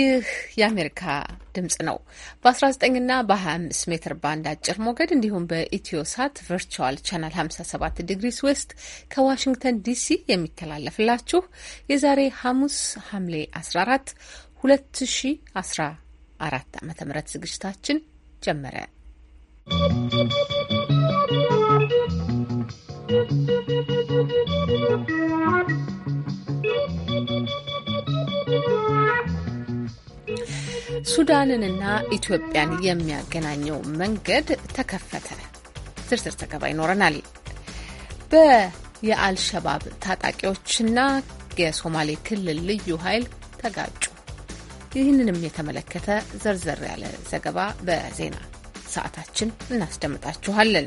ይህ የአሜሪካ ድምጽ ነው። በ19ና በ25 ሜትር ባንድ አጭር ሞገድ እንዲሁም ሳት ቨርቹዋል ቻናል 57 ዲግሪስ ዌስት ከዋሽንግተን ዲሲ የሚተላለፍላችሁ የዛሬ ሐሙስ ሐምሌ 14 2014 ዓ.ም ዝግጅታችን ጀመረ። ¶¶ ሱዳንንና ኢትዮጵያን የሚያገናኘው መንገድ ተከፈተ። ዝርዝር ዘገባ ይኖረናል። በየአልሸባብ ታጣቂዎችና የሶማሌ ክልል ልዩ ኃይል ተጋጩ። ይህንንም የተመለከተ ዘርዘር ያለ ዘገባ በዜና ሰዓታችን እናስደምጣችኋለን።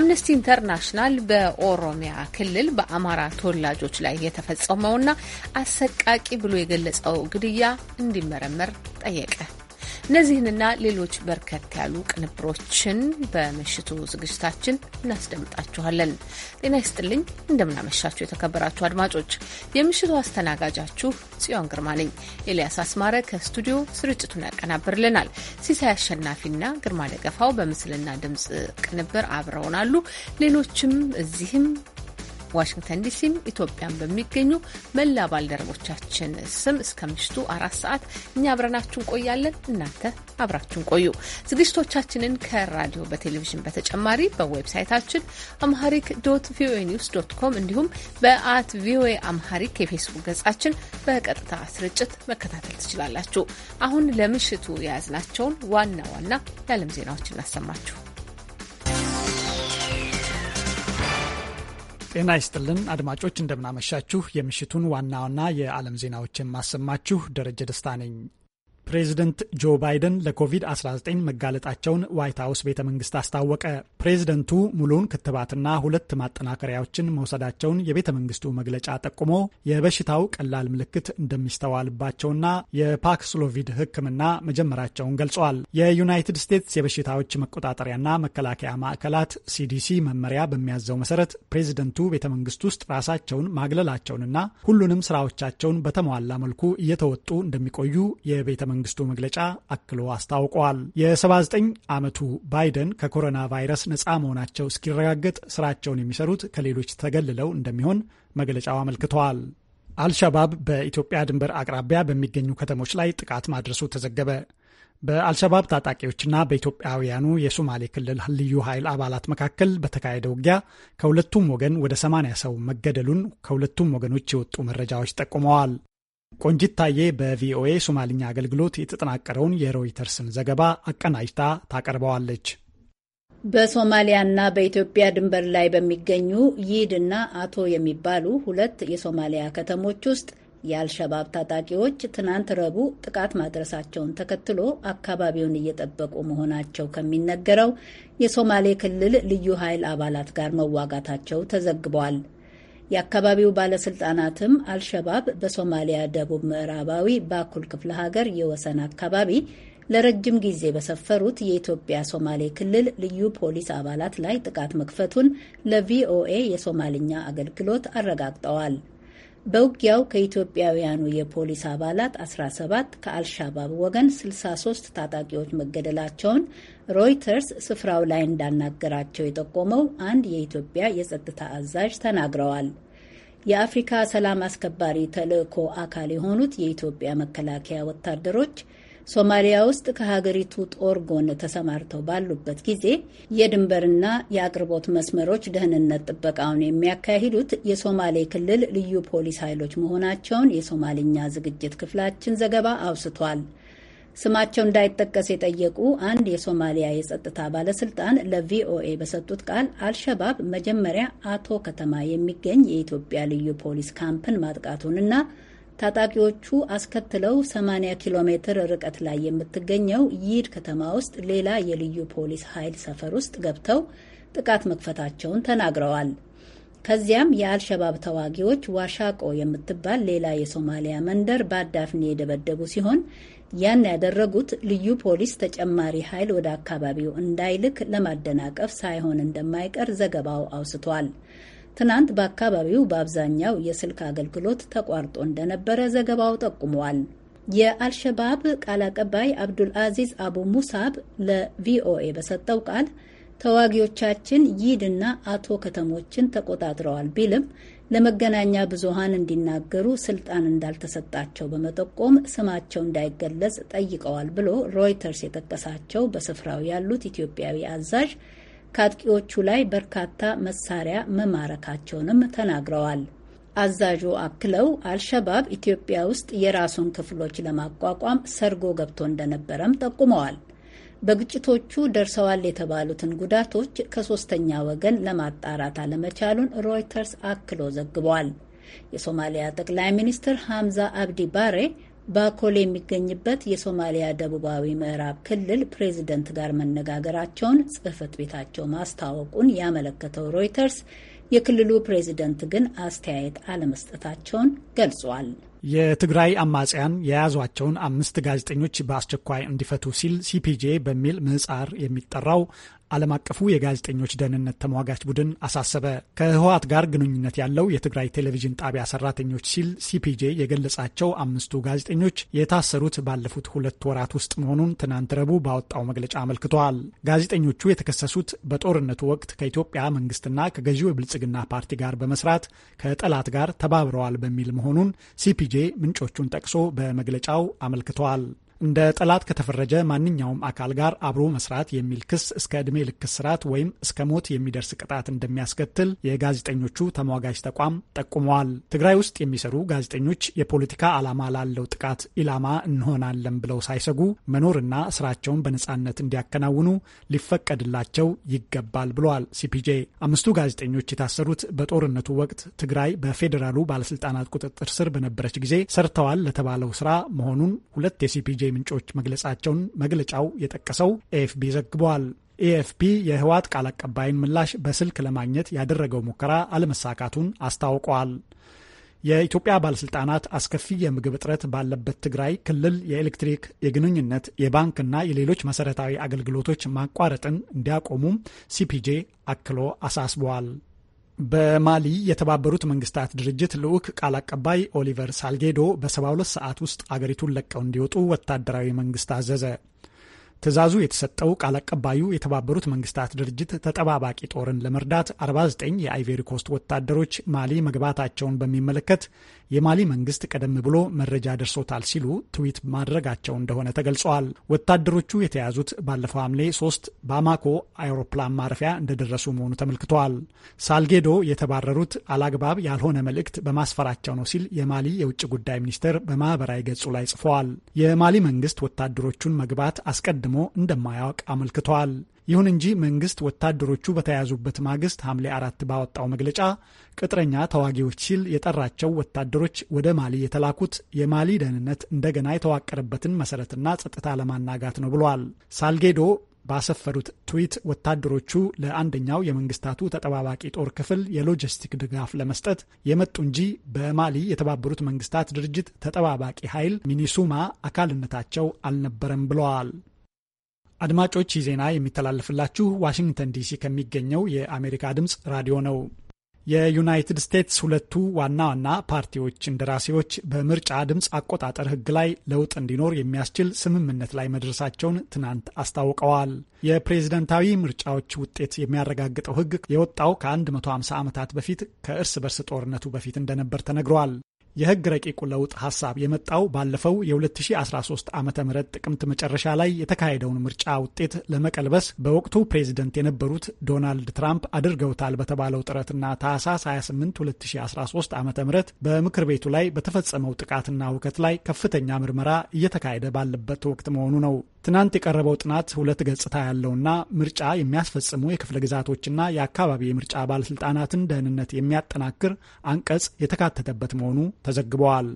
አምነስቲ ኢንተርናሽናል በኦሮሚያ ክልል በአማራ ተወላጆች ላይ የተፈጸመውና አሰቃቂ ብሎ የገለጸው ግድያ እንዲመረመር ጠየቀ። እነዚህንና ሌሎች በርከት ያሉ ቅንብሮችን በምሽቱ ዝግጅታችን እናስደምጣችኋለን። ጤና ይስጥልኝ፣ እንደምናመሻችሁ የተከበራችሁ አድማጮች፣ የምሽቱ አስተናጋጃችሁ ጽዮን ግርማ ነኝ። ኤልያስ አስማረ ከስቱዲዮ ስርጭቱን ያቀናብርልናል። ሲሳይ አሸናፊና ግርማ ደገፋው በምስልና ድምፅ ቅንብር አብረውናሉ። ሌሎችም እዚህም ዋሽንግተን ዲሲም ኢትዮጵያን በሚገኙ መላ ባልደረቦቻችን ስም እስከ ምሽቱ አራት ሰዓት እኛ አብረናችሁ እንቆያለን። እናንተ አብራችሁን ቆዩ። ዝግጅቶቻችንን ከራዲዮ በቴሌቪዥን በተጨማሪ በዌብሳይታችን አምሃሪክ ዶት ቪኦኤ ኒውስ ዶት ኮም እንዲሁም በአት ቪኦኤ አምሃሪክ የፌስቡክ ገጻችን በቀጥታ ስርጭት መከታተል ትችላላችሁ። አሁን ለምሽቱ የያዝናቸውን ዋና ዋና የዓለም ዜናዎች እናሰማችሁ። ጤና ይስጥልን አድማጮች፣ እንደምናመሻችሁ። የምሽቱን ዋና ዋና የዓለም ዜናዎችን ማሰማችሁ ደረጀ ደስታ ነኝ። ፕሬዝደንት ጆ ባይደን ለኮቪድ-19 መጋለጣቸውን ዋይት ሀውስ ቤተ መንግስት አስታወቀ። ፕሬዝደንቱ ሙሉውን ክትባትና ሁለት ማጠናከሪያዎችን መውሰዳቸውን የቤተ መንግስቱ መግለጫ ጠቁሞ የበሽታው ቀላል ምልክት እንደሚስተዋልባቸውና የፓክስሎቪድ ሕክምና መጀመራቸውን ገልጸዋል። የዩናይትድ ስቴትስ የበሽታዎች መቆጣጠሪያና መከላከያ ማዕከላት ሲዲሲ መመሪያ በሚያዘው መሰረት ፕሬዝደንቱ ቤተ መንግስት ውስጥ ራሳቸውን ማግለላቸውንና ሁሉንም ስራዎቻቸውን በተሟላ መልኩ እየተወጡ እንደሚቆዩ የቤተ መንግስቱ መግለጫ አክሎ አስታውቋል። የ79 ዓመቱ ባይደን ከኮሮና ቫይረስ ነፃ መሆናቸው እስኪረጋገጥ ስራቸውን የሚሰሩት ከሌሎች ተገልለው እንደሚሆን መግለጫው አመልክተዋል። አልሻባብ በኢትዮጵያ ድንበር አቅራቢያ በሚገኙ ከተሞች ላይ ጥቃት ማድረሱ ተዘገበ። በአልሸባብ ታጣቂዎችና በኢትዮጵያውያኑ የሶማሌ ክልል ልዩ ኃይል አባላት መካከል በተካሄደ ውጊያ ከሁለቱም ወገን ወደ ሰማንያ ሰው መገደሉን ከሁለቱም ወገኖች የወጡ መረጃዎች ጠቁመዋል። ቆንጂታዬ በቪኦኤ ሶማልኛ አገልግሎት የተጠናቀረውን የሮይተርስን ዘገባ አቀናጅታ ታቀርበዋለች። በሶማሊያና በኢትዮጵያ ድንበር ላይ በሚገኙ ይድና አቶ የሚባሉ ሁለት የሶማሊያ ከተሞች ውስጥ የአልሸባብ ታጣቂዎች ትናንት ረቡዕ ጥቃት ማድረሳቸውን ተከትሎ አካባቢውን እየጠበቁ መሆናቸው ከሚነገረው የሶማሌ ክልል ልዩ ኃይል አባላት ጋር መዋጋታቸው ተዘግቧል። የአካባቢው ባለስልጣናትም አልሸባብ በሶማሊያ ደቡብ ምዕራባዊ ባኩል ክፍለ ሀገር የወሰን አካባቢ ለረጅም ጊዜ በሰፈሩት የኢትዮጵያ ሶማሌ ክልል ልዩ ፖሊስ አባላት ላይ ጥቃት መክፈቱን ለቪኦኤ የሶማልኛ አገልግሎት አረጋግጠዋል። በውጊያው ከኢትዮጵያውያኑ የፖሊስ አባላት 17 ከአልሻባብ ወገን 63 ታጣቂዎች መገደላቸውን ሮይተርስ ስፍራው ላይ እንዳናገራቸው የጠቆመው አንድ የኢትዮጵያ የጸጥታ አዛዥ ተናግረዋል። የአፍሪካ ሰላም አስከባሪ ተልዕኮ አካል የሆኑት የኢትዮጵያ መከላከያ ወታደሮች ሶማሊያ ውስጥ ከሀገሪቱ ጦር ጎን ተሰማርተው ባሉበት ጊዜ የድንበርና የአቅርቦት መስመሮች ደህንነት ጥበቃውን የሚያካሂዱት የሶማሌ ክልል ልዩ ፖሊስ ኃይሎች መሆናቸውን የሶማልኛ ዝግጅት ክፍላችን ዘገባ አውስቷል። ስማቸው እንዳይጠቀስ የጠየቁ አንድ የሶማሊያ የጸጥታ ባለስልጣን ለቪኦኤ በሰጡት ቃል አልሸባብ መጀመሪያ አቶ ከተማ የሚገኝ የኢትዮጵያ ልዩ ፖሊስ ካምፕን ማጥቃቱንና ታጣቂዎቹ አስከትለው 80 ኪሎ ሜትር ርቀት ላይ የምትገኘው ይድ ከተማ ውስጥ ሌላ የልዩ ፖሊስ ኃይል ሰፈር ውስጥ ገብተው ጥቃት መክፈታቸውን ተናግረዋል። ከዚያም የአልሸባብ ተዋጊዎች ዋሻቆ የምትባል ሌላ የሶማሊያ መንደር በአዳፍኔ የደበደቡ ሲሆን ያን ያደረጉት ልዩ ፖሊስ ተጨማሪ ኃይል ወደ አካባቢው እንዳይልክ ለማደናቀፍ ሳይሆን እንደማይቀር ዘገባው አውስቷል። ትናንት በአካባቢው በአብዛኛው የስልክ አገልግሎት ተቋርጦ እንደነበረ ዘገባው ጠቁመዋል። የአልሸባብ ቃል አቀባይ አብዱል አዚዝ አቡ ሙሳብ ለቪኦኤ በሰጠው ቃል ተዋጊዎቻችን ይድና አቶ ከተሞችን ተቆጣጥረዋል ቢልም ለመገናኛ ብዙሃን እንዲናገሩ ስልጣን እንዳልተሰጣቸው በመጠቆም ስማቸው እንዳይገለጽ ጠይቀዋል ብሎ ሮይተርስ የጠቀሳቸው በስፍራው ያሉት ኢትዮጵያዊ አዛዥ ከአጥቂዎቹ ላይ በርካታ መሳሪያ መማረካቸውንም ተናግረዋል። አዛዡ አክለው አልሸባብ ኢትዮጵያ ውስጥ የራሱን ክፍሎች ለማቋቋም ሰርጎ ገብቶ እንደነበረም ጠቁመዋል። በግጭቶቹ ደርሰዋል የተባሉትን ጉዳቶች ከሶስተኛ ወገን ለማጣራት አለመቻሉን ሮይተርስ አክሎ ዘግቧል። የሶማሊያ ጠቅላይ ሚኒስትር ሐምዛ አብዲ ባሬ ባኮል የሚገኝበት የሶማሊያ ደቡባዊ ምዕራብ ክልል ፕሬዚደንት ጋር መነጋገራቸውን ጽህፈት ቤታቸው ማስታወቁን ያመለከተው ሮይተርስ የክልሉ ፕሬዚደንት ግን አስተያየት አለመስጠታቸውን ገልጿል። የትግራይ አማጽያን የያዟቸውን አምስት ጋዜጠኞች በአስቸኳይ እንዲፈቱ ሲል ሲፒጄ በሚል ምህጻር የሚጠራው ዓለም አቀፉ የጋዜጠኞች ደህንነት ተሟጋች ቡድን አሳሰበ። ከህወሓት ጋር ግንኙነት ያለው የትግራይ ቴሌቪዥን ጣቢያ ሰራተኞች ሲል ሲፒጄ የገለጻቸው አምስቱ ጋዜጠኞች የታሰሩት ባለፉት ሁለት ወራት ውስጥ መሆኑን ትናንት ረቡዕ ባወጣው መግለጫ አመልክተዋል። ጋዜጠኞቹ የተከሰሱት በጦርነቱ ወቅት ከኢትዮጵያ መንግስትና ከገዢው የብልጽግና ፓርቲ ጋር በመስራት ከጠላት ጋር ተባብረዋል በሚል መሆኑን ሲፒጄ ምንጮቹን ጠቅሶ በመግለጫው አመልክተዋል። እንደ ጠላት ከተፈረጀ ማንኛውም አካል ጋር አብሮ መስራት የሚል ክስ እስከ ዕድሜ ልክ እስራት ወይም እስከ ሞት የሚደርስ ቅጣት እንደሚያስከትል የጋዜጠኞቹ ተሟጋጅ ተቋም ጠቁመዋል። ትግራይ ውስጥ የሚሰሩ ጋዜጠኞች የፖለቲካ ዓላማ ላለው ጥቃት ኢላማ እንሆናለን ብለው ሳይሰጉ መኖርና ስራቸውን በነጻነት እንዲያከናውኑ ሊፈቀድላቸው ይገባል ብለዋል ሲፒጄ። አምስቱ ጋዜጠኞች የታሰሩት በጦርነቱ ወቅት ትግራይ በፌዴራሉ ባለስልጣናት ቁጥጥር ስር በነበረች ጊዜ ሰርተዋል ለተባለው ስራ መሆኑን ሁለት የሲፒጄ ምንጮች መግለጻቸውን መግለጫው የጠቀሰው ኤኤፍፒ ዘግቧል። ኤኤፍፒ የህወሓት ቃል አቀባይን ምላሽ በስልክ ለማግኘት ያደረገው ሙከራ አለመሳካቱን አስታውቋል። የኢትዮጵያ ባለስልጣናት አስከፊ የምግብ እጥረት ባለበት ትግራይ ክልል የኤሌክትሪክ፣ የግንኙነት፣ የባንክና የሌሎች መሰረታዊ አገልግሎቶች ማቋረጥን እንዲያቆሙም ሲፒጄ አክሎ አሳስበዋል። በማሊ የተባበሩት መንግስታት ድርጅት ልዑክ ቃል አቀባይ ኦሊቨር ሳልጌዶ በ72 ሰዓት ውስጥ አገሪቱን ለቀው እንዲወጡ ወታደራዊ መንግስት አዘዘ። ትዕዛዙ የተሰጠው ቃል አቀባዩ የተባበሩት መንግስታት ድርጅት ተጠባባቂ ጦርን ለመርዳት 49 የአይቬሪ ኮስት ወታደሮች ማሊ መግባታቸውን በሚመለከት የማሊ መንግስት ቀደም ብሎ መረጃ ደርሶታል ሲሉ ትዊት ማድረጋቸው እንደሆነ ተገልጸዋል። ወታደሮቹ የተያዙት ባለፈው ሐምሌ ሶስት ባማኮ አውሮፕላን ማረፊያ እንደደረሱ መሆኑ ተመልክተዋል። ሳልጌዶ የተባረሩት አላግባብ ያልሆነ መልእክት በማስፈራቸው ነው ሲል የማሊ የውጭ ጉዳይ ሚኒስቴር በማህበራዊ ገጹ ላይ ጽፈዋል። የማሊ መንግስት ወታደሮቹን መግባት አስቀድሞ እንደማያውቅ አመልክተዋል። ይሁን እንጂ መንግስት ወታደሮቹ በተያያዙበት ማግስት ሐምሌ አራት ባወጣው መግለጫ ቅጥረኛ ተዋጊዎች ሲል የጠራቸው ወታደሮች ወደ ማሊ የተላኩት የማሊ ደህንነት እንደገና የተዋቀረበትን መሰረትና ጸጥታ ለማናጋት ነው ብሏል። ሳልጌዶ ባሰፈሩት ትዊት ወታደሮቹ ለአንደኛው የመንግስታቱ ተጠባባቂ ጦር ክፍል የሎጂስቲክ ድጋፍ ለመስጠት የመጡ እንጂ በማሊ የተባበሩት መንግስታት ድርጅት ተጠባባቂ ኃይል ሚኒሱማ አካልነታቸው አልነበረም ብለዋል። አድማጮች ይህ ዜና የሚተላለፍላችሁ ዋሽንግተን ዲሲ ከሚገኘው የአሜሪካ ድምፅ ራዲዮ ነው። የዩናይትድ ስቴትስ ሁለቱ ዋና ዋና ፓርቲዎች እንደራሴዎች በምርጫ ድምፅ አቆጣጠር ሕግ ላይ ለውጥ እንዲኖር የሚያስችል ስምምነት ላይ መድረሳቸውን ትናንት አስታውቀዋል። የፕሬዝደንታዊ ምርጫዎች ውጤት የሚያረጋግጠው ሕግ የወጣው ከ150 ዓመታት በፊት ከእርስ በርስ ጦርነቱ በፊት እንደነበር ተነግሯል። የህግ ረቂቁ ለውጥ ሀሳብ የመጣው ባለፈው የ2013 ዓ ም ጥቅምት መጨረሻ ላይ የተካሄደውን ምርጫ ውጤት ለመቀልበስ በወቅቱ ፕሬዚደንት የነበሩት ዶናልድ ትራምፕ አድርገውታል በተባለው ጥረትና ታህሳስ 28 2013 ዓ ም በምክር ቤቱ ላይ በተፈጸመው ጥቃትና ውከት ላይ ከፍተኛ ምርመራ እየተካሄደ ባለበት ወቅት መሆኑ ነው። ትናንት የቀረበው ጥናት ሁለት ገጽታ ያለውና ምርጫ የሚያስፈጽሙ የክፍለ ግዛቶችና የአካባቢ የምርጫ ባለስልጣናትን ደህንነት የሚያጠናክር አንቀጽ የተካተተበት መሆኑ ተዘግበዋል።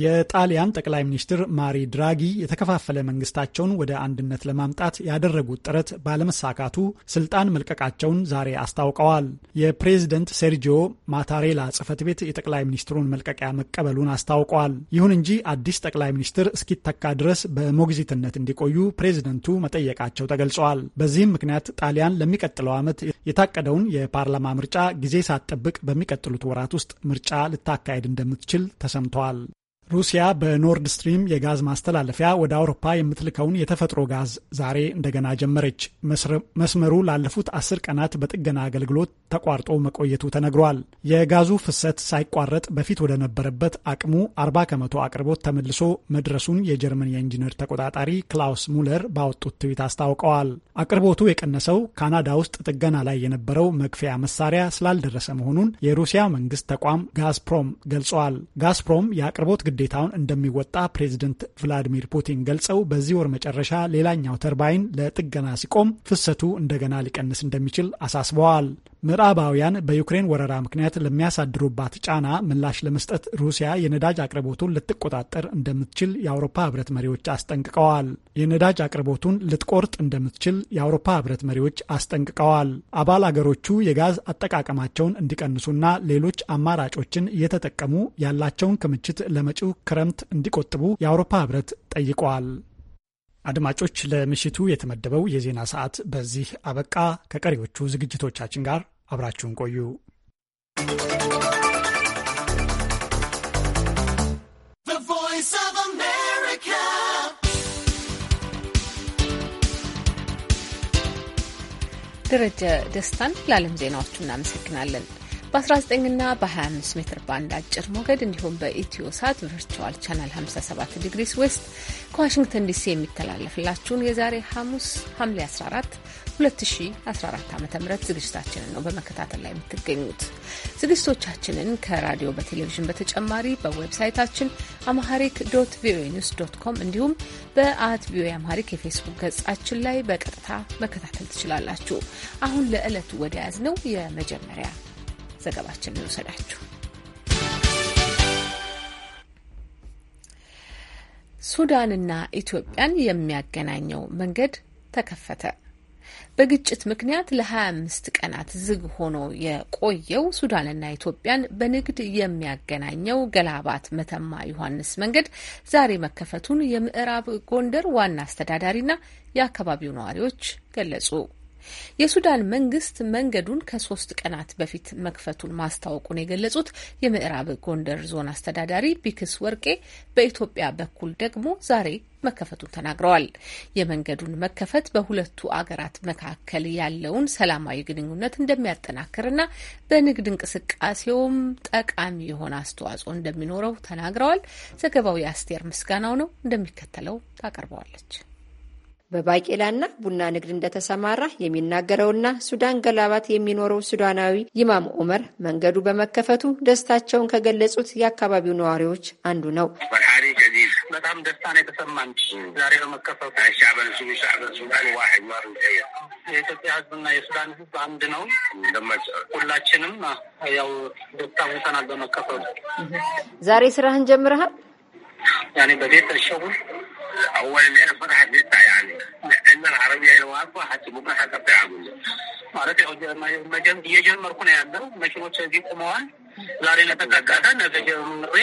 የጣሊያን ጠቅላይ ሚኒስትር ማሪ ድራጊ የተከፋፈለ መንግስታቸውን ወደ አንድነት ለማምጣት ያደረጉት ጥረት ባለመሳካቱ ስልጣን መልቀቃቸውን ዛሬ አስታውቀዋል። የፕሬዝደንት ሴርጂዮ ማታሬላ ጽህፈት ቤት የጠቅላይ ሚኒስትሩን መልቀቂያ መቀበሉን አስታውቀዋል። ይሁን እንጂ አዲስ ጠቅላይ ሚኒስትር እስኪተካ ድረስ በሞግዚትነት እንዲቆዩ ፕሬዝደንቱ መጠየቃቸው ተገልጿል። በዚህም ምክንያት ጣሊያን ለሚቀጥለው ዓመት የታቀደውን የፓርላማ ምርጫ ጊዜ ሳትጠብቅ በሚቀጥሉት ወራት ውስጥ ምርጫ ልታካሄድ እንደምትችል ተሰምተዋል። ሩሲያ በኖርድ ስትሪም የጋዝ ማስተላለፊያ ወደ አውሮፓ የምትልከውን የተፈጥሮ ጋዝ ዛሬ እንደገና ጀመረች። መስመሩ ላለፉት አስር ቀናት በጥገና አገልግሎት ተቋርጦ መቆየቱ ተነግሯል። የጋዙ ፍሰት ሳይቋረጥ በፊት ወደ ነበረበት አቅሙ 40 ከመቶ አቅርቦት ተመልሶ መድረሱን የጀርመን የኢንጂነር ተቆጣጣሪ ክላውስ ሙለር ባወጡት ትዊት አስታውቀዋል። አቅርቦቱ የቀነሰው ካናዳ ውስጥ ጥገና ላይ የነበረው መክፈያ መሳሪያ ስላልደረሰ መሆኑን የሩሲያ መንግስት ተቋም ጋዝፕሮም ገልጿል። ጋዝፕሮም የአቅርቦት ግዴታውን እንደሚወጣ ፕሬዚደንት ቭላዲሚር ፑቲን ገልጸው በዚህ ወር መጨረሻ ሌላኛው ተርባይን ለጥገና ሲቆም ፍሰቱ እንደገና ሊቀንስ እንደሚችል አሳስበዋል። ምዕራባውያን በዩክሬን ወረራ ምክንያት ለሚያሳድሩባት ጫና ምላሽ ለመስጠት ሩሲያ የነዳጅ አቅርቦቱን ልትቆጣጠር እንደምትችል የአውሮፓ ህብረት መሪዎች አስጠንቅቀዋል። የነዳጅ አቅርቦቱን ልትቆርጥ እንደምትችል የአውሮፓ ህብረት መሪዎች አስጠንቅቀዋል። አባል አገሮቹ የጋዝ አጠቃቀማቸውን እንዲቀንሱና ሌሎች አማራጮችን እየተጠቀሙ ያላቸውን ክምችት ለመጪው ክረምት እንዲቆጥቡ የአውሮፓ ህብረት ጠይቀዋል። አድማጮች፣ ለምሽቱ የተመደበው የዜና ሰዓት በዚህ አበቃ። ከቀሪዎቹ ዝግጅቶቻችን ጋር አብራችሁን ቆዩ። ደረጀ ደስታን ለዓለም ዜናዎቹ እናመሰግናለን። በ19 ና በ25 ሜትር ባንድ አጭር ሞገድ እንዲሁም በኢትዮ ሳት ቨርቹዋል ቻናል 57 ዲግሪስ ዌስት ከዋሽንግተን ዲሲ የሚተላለፍላችሁን የዛሬ ሐሙስ ሐምሌ 14 2014 ዓ ም ዝግጅታችንን ነው በመከታተል ላይ የምትገኙት። ዝግጅቶቻችንን ከራዲዮ በቴሌቪዥን በተጨማሪ በዌብሳይታችን አማሐሪክ ዶት ቪኦኤ ኒውስ ዶት ኮም እንዲሁም በአት ቪኦኤ አማሐሪክ የፌስቡክ ገጻችን ላይ በቀጥታ መከታተል ትችላላችሁ። አሁን ለዕለቱ ወደ ያዝ ነው የመጀመሪያ ዘገባችን ይወሰዳችሁ። ሱዳንና ኢትዮጵያን የሚያገናኘው መንገድ ተከፈተ። በግጭት ምክንያት ለ25 ቀናት ዝግ ሆኖ የቆየው ሱዳንና ኢትዮጵያን በንግድ የሚያገናኘው ገላባት መተማ ዮሐንስ መንገድ ዛሬ መከፈቱን የምዕራብ ጎንደር ዋና አስተዳዳሪና የአካባቢው ነዋሪዎች ገለጹ። የሱዳን መንግስት መንገዱን ከሶስት ቀናት በፊት መክፈቱን ማስታወቁን የገለጹት የምዕራብ ጎንደር ዞን አስተዳዳሪ ቢክስ ወርቄ በኢትዮጵያ በኩል ደግሞ ዛሬ መከፈቱን ተናግረዋል። የመንገዱን መከፈት በሁለቱ አገራት መካከል ያለውን ሰላማዊ ግንኙነት እንደሚያጠናክርና በንግድ እንቅስቃሴውም ጠቃሚ የሆነ አስተዋጽኦ እንደሚኖረው ተናግረዋል። ዘገባው የአስቴር ምስጋናው ነው፣ እንደሚከተለው ታቀርበዋለች። በባቄላና ቡና ንግድ እንደተሰማራ የሚናገረውና ሱዳን ገላባት የሚኖረው ሱዳናዊ ይማም ኦመር መንገዱ በመከፈቱ ደስታቸውን ከገለጹት የአካባቢው ነዋሪዎች አንዱ ነው። በጣም ደስታ ነው የተሰማን ዛሬ በመከፈቱ። የኢትዮጵያ ሕዝብና የሱዳን ሕዝብ አንድ ነው። ሁላችንም ያው ደስታ ሙተናል በመከፈቱ። ዛሬ ስራህን ጀምረሃል? ያኔ በቤት እሸሁን اولا لان فتحت لسه يعني عندنا العربيه هي واقفه حتى بكره حنقطع አጉል ማለት ያው መጀም እየጀመርኩ ነው ያለው። መኪኖች እዚህ ቆመዋል። ዛሬ ለተጠቃቀ ነገ ጀምሬ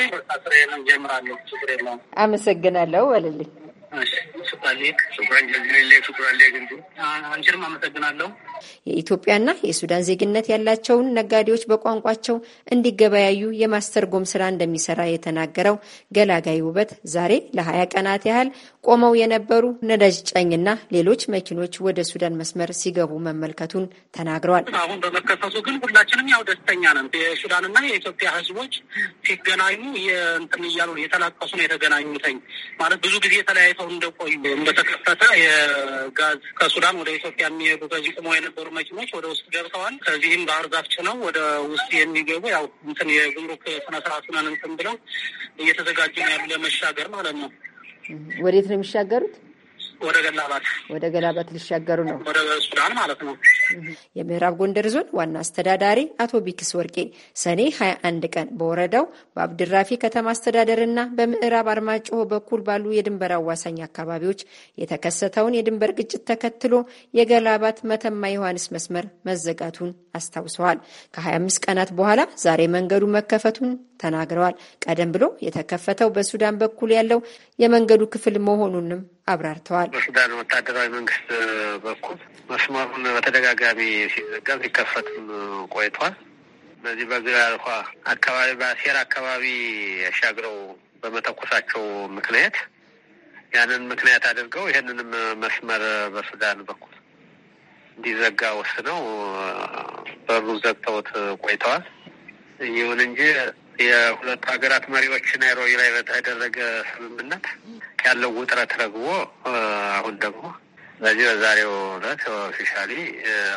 ስራዬንም ጀምራለሁ። ችግር የለውም። አመሰግናለሁ ወለልኝ ሽኩራን ጀዚሌ ሽኩራን ሌ ግንዱ አንቺንም አመሰግናለሁ። የኢትዮጵያና የሱዳን ዜግነት ያላቸውን ነጋዴዎች በቋንቋቸው እንዲገበያዩ የማስተርጎም ስራ እንደሚሰራ የተናገረው ገላጋይ ውበት ዛሬ ለሀያ ቀናት ያህል ቆመው የነበሩ ነዳጅ ጨኝና ሌሎች መኪኖች ወደ ሱዳን መስመር ሲገቡ መመልከቱን ተናግረዋል። አሁን በመከፈቱ ግን ሁላችንም ያው ደስተኛ ነን። የሱዳንና የኢትዮጵያ ህዝቦች ሲገናኙ እንትን እያሉ የተላቀሱ ነው የተገናኙተኝ ማለት ብዙ ጊዜ ተለያይተው እንደቆዩ እንደተከፈተ የጋዝ ከሱዳን ወደ ኢትዮጵያ የሚሄዱ ከዚህ ቁሞ የነበሩ መኪኖች ወደ ውስጥ ገብተዋል። ከዚህም ባህር ዛፍ ነው ወደ ውስጥ የሚገቡ ያው እንትን የጉምሩክ ስነስርዓቱን እንትን ብለው እየተዘጋጁ ነው ያሉ ለመሻገር ማለት ነው። ወዴት ነው የሚሻገሩት? ወደ ገላባት ወደ ገላባት ሊሻገሩ ነው ወደ ሱዳን ማለት ነው። የምዕራብ ጎንደር ዞን ዋና አስተዳዳሪ አቶ ቢክስ ወርቄ ሰኔ 21 ቀን በወረዳው በአብድራፊ ከተማ አስተዳደር በምዕራብ አርማጭሆ በኩል ባሉ የድንበር አዋሳኝ አካባቢዎች የተከሰተውን የድንበር ግጭት ተከትሎ የገላባት መተማ ዮሐንስ መስመር መዘጋቱን አስታውሰዋል። ከ25 ቀናት በኋላ ዛሬ መንገዱ መከፈቱን ተናግረዋል። ቀደም ብሎ የተከፈተው በሱዳን በኩል ያለው የመንገዱ ክፍል መሆኑንም አብራርተዋል። በሱዳን ወታደራዊ መንግስት በኩል መስመሩን በተደጋጋሚ ሲዘጋ ሲከፈትም ቆይቷል። በዚህ አልኳ አካባቢ በአሴር አካባቢ ያሻግረው በመተኮሳቸው ምክንያት ያንን ምክንያት አድርገው ይህንንም መስመር በሱዳን በኩል እንዲዘጋ ወስነው በሩ ዘግተውት ቆይተዋል። ይሁን እንጂ የሁለቱ ሀገራት መሪዎች ናይሮቢ ላይ በተደረገ ስምምነት ያለው ውጥረት ረግቦ አሁን ደግሞ በዚህ በዛሬው ዕለት ኦፊሻሊ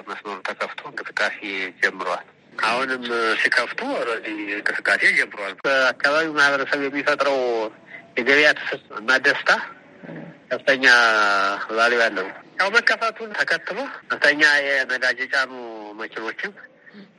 መስመሩ ተከፍቶ እንቅስቃሴ ጀምረዋል። አሁንም ሲከፍቱ ኦልሬዲ እንቅስቃሴ ጀምረዋል። በአካባቢው ማህበረሰብ የሚፈጥረው የገበያ ትስስር እና ደስታ ከፍተኛ ቫልዩ ያለው ያው መከፈቱን ተከትሎ ከፍተኛ የነዳጅ የጫኑ መኪኖችም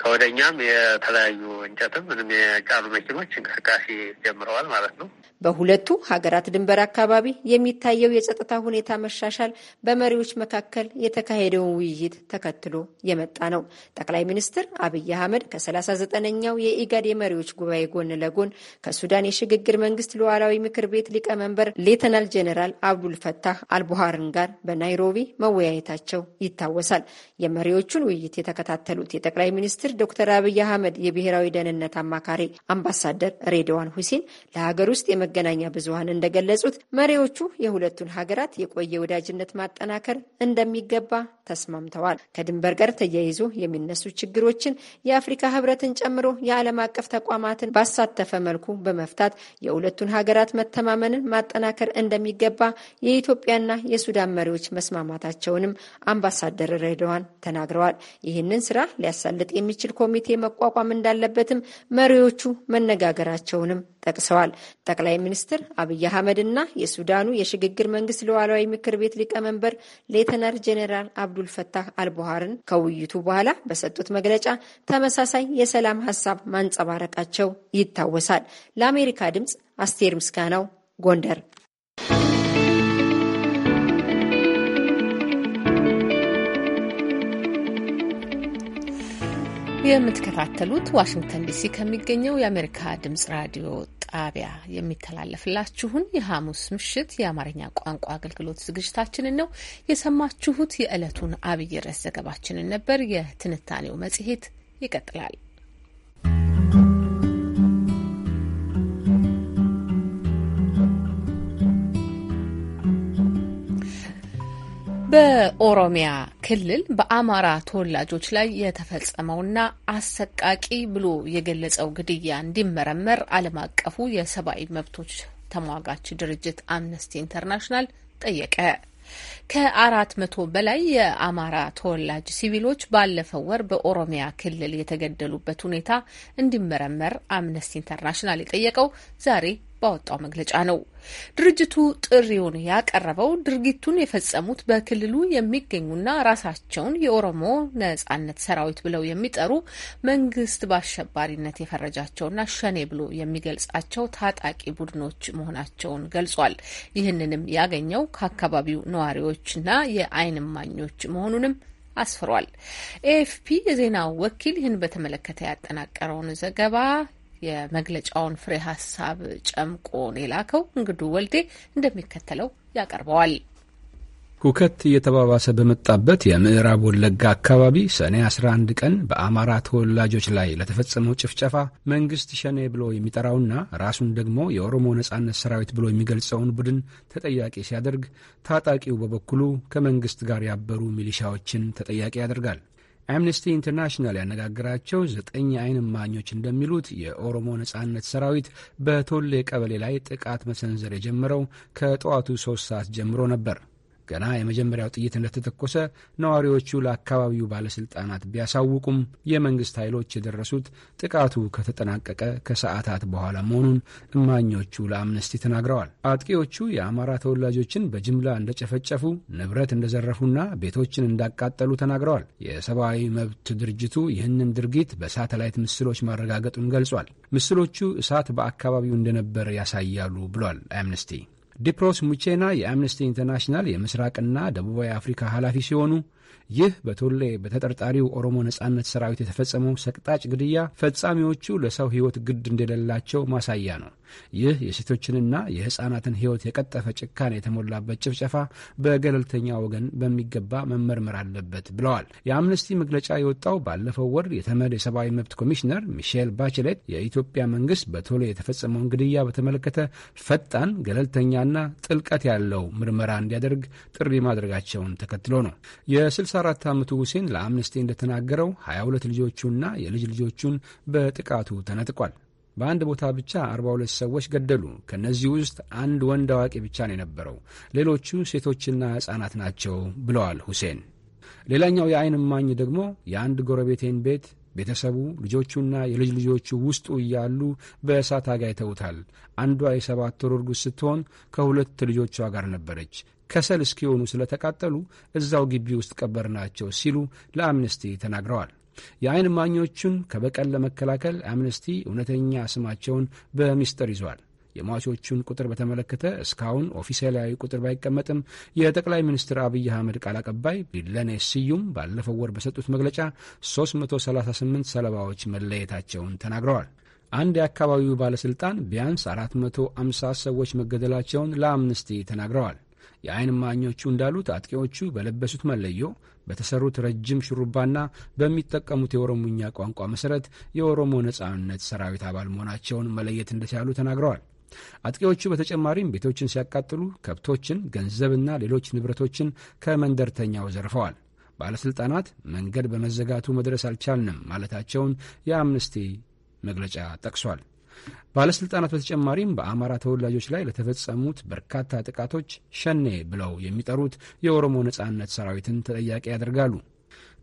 ከወደኛም የተለያዩ እንጨትም ምንም የጫሉ መኪኖች እንቅስቃሴ ጀምረዋል ማለት ነው። በሁለቱ ሀገራት ድንበር አካባቢ የሚታየው የጸጥታ ሁኔታ መሻሻል በመሪዎች መካከል የተካሄደውን ውይይት ተከትሎ የመጣ ነው። ጠቅላይ ሚኒስትር አብይ አህመድ ከ39ኛው የኢጋድ የመሪዎች ጉባኤ ጎን ለጎን ከሱዳን የሽግግር መንግስት ሉዓላዊ ምክር ቤት ሊቀመንበር ሌተናል ጄኔራል አብዱልፈታህ አልቡሃርን ጋር በናይሮቢ መወያየታቸው ይታወሳል። የመሪዎቹን ውይይት የተከታተሉት የጠቅላይ ሚኒስትር ዶክተር አብይ አህመድ የብሔራዊ ደህንነት አማካሪ አምባሳደር ሬድዋን ሁሴን ለሀገር ውስጥ የመገናኛ ብዙሀን እንደገለጹት መሪዎቹ የሁለቱን ሀገራት የቆየ ወዳጅነት ማጠናከር እንደሚገባ ተስማምተዋል። ከድንበር ጋር ተያይዞ የሚነሱ ችግሮችን የአፍሪካ ህብረትን ጨምሮ የዓለም አቀፍ ተቋማትን ባሳተፈ መልኩ በመፍታት የሁለቱን ሀገራት መተማመንን ማጠናከር እንደሚገባ የኢትዮጵያና የሱዳን መሪዎች መስማማታቸውንም አምባሳደር ሬድዋን ተናግረዋል። ይህንን ስራ ሊያሳልጥ የሚችል ኮሚቴ መቋቋም እንዳለበትም መሪዎቹ መነጋገራቸውንም ጠቅሰዋል። ጠቅላይ ሚኒስትር አብይ አህመድ እና የሱዳኑ የሽግግር መንግስት ሉዓላዊ ምክር ቤት ሊቀመንበር ሌተናር ጄኔራል አብዱል ፈታህ አልቡሃርን ከውይይቱ በኋላ በሰጡት መግለጫ ተመሳሳይ የሰላም ሀሳብ ማንጸባረቃቸው ይታወሳል። ለአሜሪካ ድምፅ አስቴር ምስጋናው ጎንደር የምትከታተሉት ዋሽንግተን ዲሲ ከሚገኘው የአሜሪካ ድምጽ ራዲዮ ጣቢያ የሚተላለፍላችሁን የሐሙስ ምሽት የአማርኛ ቋንቋ አገልግሎት ዝግጅታችንን ነው የሰማችሁት። የዕለቱን አብይ ርዕስ ዘገባችንን ነበር። የትንታኔው መጽሔት ይቀጥላል። በኦሮሚያ ክልል በአማራ ተወላጆች ላይ የተፈጸመውና አሰቃቂ ብሎ የገለጸው ግድያ እንዲመረመር ዓለም አቀፉ የሰብአዊ መብቶች ተሟጋች ድርጅት አምነስቲ ኢንተርናሽናል ጠየቀ። ከአራት መቶ በላይ የአማራ ተወላጅ ሲቪሎች ባለፈው ወር በኦሮሚያ ክልል የተገደሉበት ሁኔታ እንዲመረመር አምነስቲ ኢንተርናሽናል የጠየቀው ዛሬ ባወጣው መግለጫ ነው። ድርጅቱ ጥሪውን ያቀረበው ድርጊቱን የፈጸሙት በክልሉ የሚገኙና ራሳቸውን የኦሮሞ ነጻነት ሰራዊት ብለው የሚጠሩ መንግስት በአሸባሪነት የፈረጃቸውና ሸኔ ብሎ የሚገልጻቸው ታጣቂ ቡድኖች መሆናቸውን ገልጿል። ይህንንም ያገኘው ከአካባቢው ነዋሪዎችና የአይን እማኞች መሆኑንም አስፍሯል። ኤኤፍፒ የዜና ወኪል ይህን በተመለከተ ያጠናቀረውን ዘገባ የመግለጫውን ፍሬ ሀሳብ ጨምቆ የላከው እንግዱ ወልዴ እንደሚከተለው ያቀርበዋል። ሁከት እየተባባሰ በመጣበት የምዕራብ ወለጋ አካባቢ ሰኔ 11 ቀን በአማራ ተወላጆች ላይ ለተፈጸመው ጭፍጨፋ መንግስት ሸኔ ብሎ የሚጠራውና ራሱን ደግሞ የኦሮሞ ነጻነት ሰራዊት ብሎ የሚገልጸውን ቡድን ተጠያቂ ሲያደርግ፣ ታጣቂው በበኩሉ ከመንግስት ጋር ያበሩ ሚሊሻዎችን ተጠያቂ ያደርጋል። አምነስቲ ኢንተርናሽናል ያነጋገራቸው ዘጠኝ የዓይን እማኞች እንደሚሉት የኦሮሞ ነጻነት ሰራዊት በቶሌ ቀበሌ ላይ ጥቃት መሰንዘር የጀመረው ከጠዋቱ ሶስት ሰዓት ጀምሮ ነበር። ገና የመጀመሪያው ጥይት እንደተተኮሰ ነዋሪዎቹ ለአካባቢው ባለሥልጣናት ቢያሳውቁም የመንግሥት ኃይሎች የደረሱት ጥቃቱ ከተጠናቀቀ ከሰዓታት በኋላ መሆኑን እማኞቹ ለአምነስቲ ተናግረዋል። አጥቂዎቹ የአማራ ተወላጆችን በጅምላ እንደጨፈጨፉ፣ ንብረት እንደዘረፉና ቤቶችን እንዳቃጠሉ ተናግረዋል። የሰብአዊ መብት ድርጅቱ ይህንን ድርጊት በሳተላይት ምስሎች ማረጋገጡን ገልጿል። ምስሎቹ እሳት በአካባቢው እንደነበር ያሳያሉ ብሏል አምነስቲ ዲፕሮስ ሙቼና የአምነስቲ ኢንተርናሽናል የምስራቅና ደቡባዊ አፍሪካ ኃላፊ ሲሆኑ ይህ በቶሌ በተጠርጣሪው ኦሮሞ ነጻነት ሰራዊት የተፈጸመው ሰቅጣጭ ግድያ ፈጻሚዎቹ ለሰው ሕይወት ግድ እንደሌላቸው ማሳያ ነው። ይህ የሴቶችንና የሕፃናትን ሕይወት የቀጠፈ ጭካኔ የተሞላበት ጭፍጨፋ በገለልተኛ ወገን በሚገባ መመርመር አለበት ብለዋል። የአምነስቲ መግለጫ የወጣው ባለፈው ወር የተመድ የሰብአዊ መብት ኮሚሽነር ሚሼል ባችሌት የኢትዮጵያ መንግስት በቶሎ የተፈጸመውን ግድያ በተመለከተ ፈጣን ገለልተኛና ጥልቀት ያለው ምርመራ እንዲያደርግ ጥሪ ማድረጋቸውን ተከትሎ ነው። የ64 ዓመቱ ሁሴን ለአምነስቲ እንደተናገረው 22 ልጆቹና የልጅ ልጆቹን በጥቃቱ ተነጥቋል። በአንድ ቦታ ብቻ 42 ሰዎች ገደሉ። ከእነዚህ ውስጥ አንድ ወንድ አዋቂ ብቻ ነው የነበረው። ሌሎቹ ሴቶችና ሕፃናት ናቸው ብለዋል ሁሴን። ሌላኛው የአይን እማኝ ደግሞ የአንድ ጎረቤቴን ቤት ቤተሰቡ፣ ልጆቹና የልጅ ልጆቹ ውስጡ እያሉ በእሳት አጋይተውታል። አንዷ የሰባት ወር እርጉዝ ስትሆን ከሁለት ልጆቿ ጋር ነበረች። ከሰል እስኪሆኑ ስለተቃጠሉ እዛው ግቢ ውስጥ ቀበርናቸው ሲሉ ለአምነስቲ ተናግረዋል። የአይን ማኞቹን ከበቀል ለመከላከል አምነስቲ እውነተኛ ስማቸውን በሚስጥር ይዟል። የሟቾቹን ቁጥር በተመለከተ እስካሁን ኦፊሴላዊ ቁጥር ባይቀመጥም የጠቅላይ ሚኒስትር አብይ አህመድ ቃል አቀባይ ቢለኔ ስዩም ባለፈው ወር በሰጡት መግለጫ 338 ሰለባዎች መለየታቸውን ተናግረዋል። አንድ የአካባቢው ባለሥልጣን ቢያንስ 450 ሰዎች መገደላቸውን ለአምነስቲ ተናግረዋል። የአይን ማኞቹ እንዳሉት አጥቂዎቹ በለበሱት መለዮ በተሰሩት ረጅም ሹሩባና በሚጠቀሙት የኦሮሞኛ ቋንቋ መሠረት የኦሮሞ ነጻነት ሰራዊት አባል መሆናቸውን መለየት እንደቻሉ ተናግረዋል። አጥቂዎቹ በተጨማሪም ቤቶችን ሲያቃጥሉ ከብቶችን፣ ገንዘብና ሌሎች ንብረቶችን ከመንደርተኛው ዘርፈዋል። ባለሥልጣናት መንገድ በመዘጋቱ መድረስ አልቻልንም ማለታቸውን የአምነስቲ መግለጫ ጠቅሷል። ባለሥልጣናት በተጨማሪም በአማራ ተወላጆች ላይ ለተፈጸሙት በርካታ ጥቃቶች ሸኔ ብለው የሚጠሩት የኦሮሞ ነጻነት ሰራዊትን ተጠያቂ ያደርጋሉ።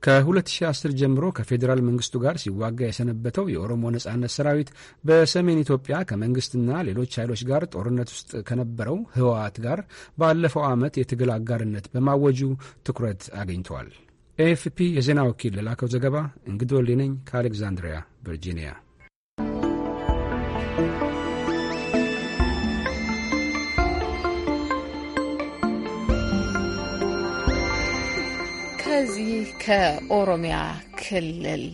ከ2010 ጀምሮ ከፌዴራል መንግስቱ ጋር ሲዋጋ የሰነበተው የኦሮሞ ነጻነት ሰራዊት በሰሜን ኢትዮጵያ ከመንግስትና ሌሎች ኃይሎች ጋር ጦርነት ውስጥ ከነበረው ህወሓት ጋር ባለፈው ዓመት የትግል አጋርነት በማወጁ ትኩረት አግኝተዋል። ኤኤፍፒ የዜና ወኪል ለላከው ዘገባ እንግዶ ነኝ ከአሌክዛንድሪያ ቨርጂኒያ ከኦሮሚያ ክልል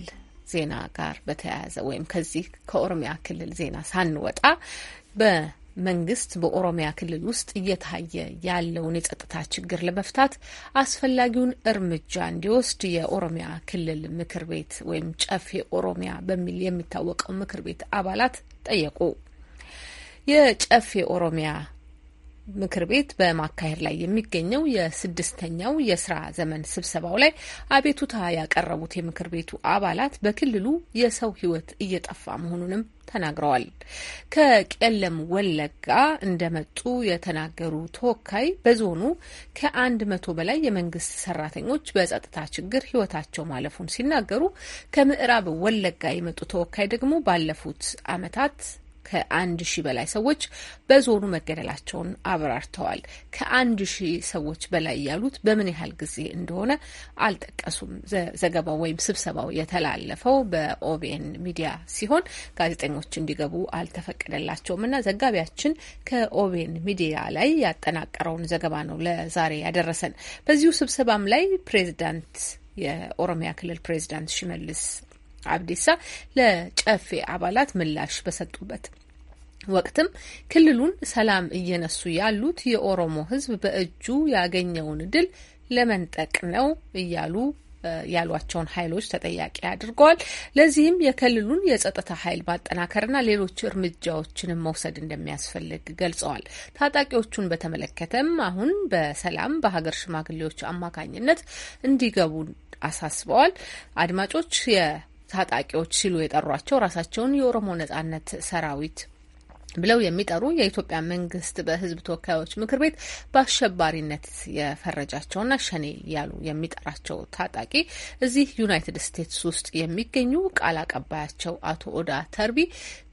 ዜና ጋር በተያያዘ ወይም ከዚህ ከኦሮሚያ ክልል ዜና ሳንወጣ በመንግስት በኦሮሚያ ክልል ውስጥ እየታየ ያለውን የጸጥታ ችግር ለመፍታት አስፈላጊውን እርምጃ እንዲወስድ የኦሮሚያ ክልል ምክር ቤት ወይም ጨፌ ኦሮሚያ በሚል የሚታወቀው ምክር ቤት አባላት ጠየቁ። የጨፌ ኦሮሚያ ምክር ቤት በማካሄድ ላይ የሚገኘው የስድስተኛው የስራ ዘመን ስብሰባው ላይ አቤቱታ ያቀረቡት የምክር ቤቱ አባላት በክልሉ የሰው ሕይወት እየጠፋ መሆኑንም ተናግረዋል። ከቄለም ወለጋ እንደመጡ የተናገሩ ተወካይ በዞኑ ከአንድ መቶ በላይ የመንግስት ሰራተኞች በጸጥታ ችግር ሕይወታቸው ማለፉን ሲናገሩ፣ ከምዕራብ ወለጋ የመጡ ተወካይ ደግሞ ባለፉት አመታት። ከአንድ ሺህ በላይ ሰዎች በዞኑ መገደላቸውን አብራርተዋል። ከአንድ ሺህ ሰዎች በላይ ያሉት በምን ያህል ጊዜ እንደሆነ አልጠቀሱም። ዘገባው ወይም ስብሰባው የተላለፈው በኦቤን ሚዲያ ሲሆን ጋዜጠኞች እንዲገቡ አልተፈቀደላቸውም እና ዘጋቢያችን ከኦቤን ሚዲያ ላይ ያጠናቀረውን ዘገባ ነው ለዛሬ ያደረሰን። በዚሁ ስብሰባም ላይ ፕሬዚዳንት የኦሮሚያ ክልል ፕሬዚዳንት ሽመልስ አብዲሳ ለጨፌ አባላት ምላሽ በሰጡበት ወቅትም ክልሉን ሰላም እየነሱ ያሉት የኦሮሞ ሕዝብ በእጁ ያገኘውን ድል ለመንጠቅ ነው እያሉ ያሏቸውን ኃይሎች ተጠያቂ አድርገዋል። ለዚህም የክልሉን የጸጥታ ኃይል ማጠናከርና ሌሎች እርምጃዎችንም መውሰድ እንደሚያስፈልግ ገልጸዋል። ታጣቂዎቹን በተመለከተም አሁን በሰላም በሀገር ሽማግሌዎች አማካኝነት እንዲገቡ አሳስበዋል። አድማጮች ታጣቂዎች ሲሉ የጠሯቸው ራሳቸውን የኦሮሞ ነጻነት ሰራዊት ብለው የሚጠሩ የኢትዮጵያ መንግስት በህዝብ ተወካዮች ምክር ቤት በአሸባሪነት የፈረጃቸውና ሸኔ ያሉ የሚጠራቸው ታጣቂ እዚህ ዩናይትድ ስቴትስ ውስጥ የሚገኙ ቃል አቀባያቸው አቶ ኦዳ ተርቢ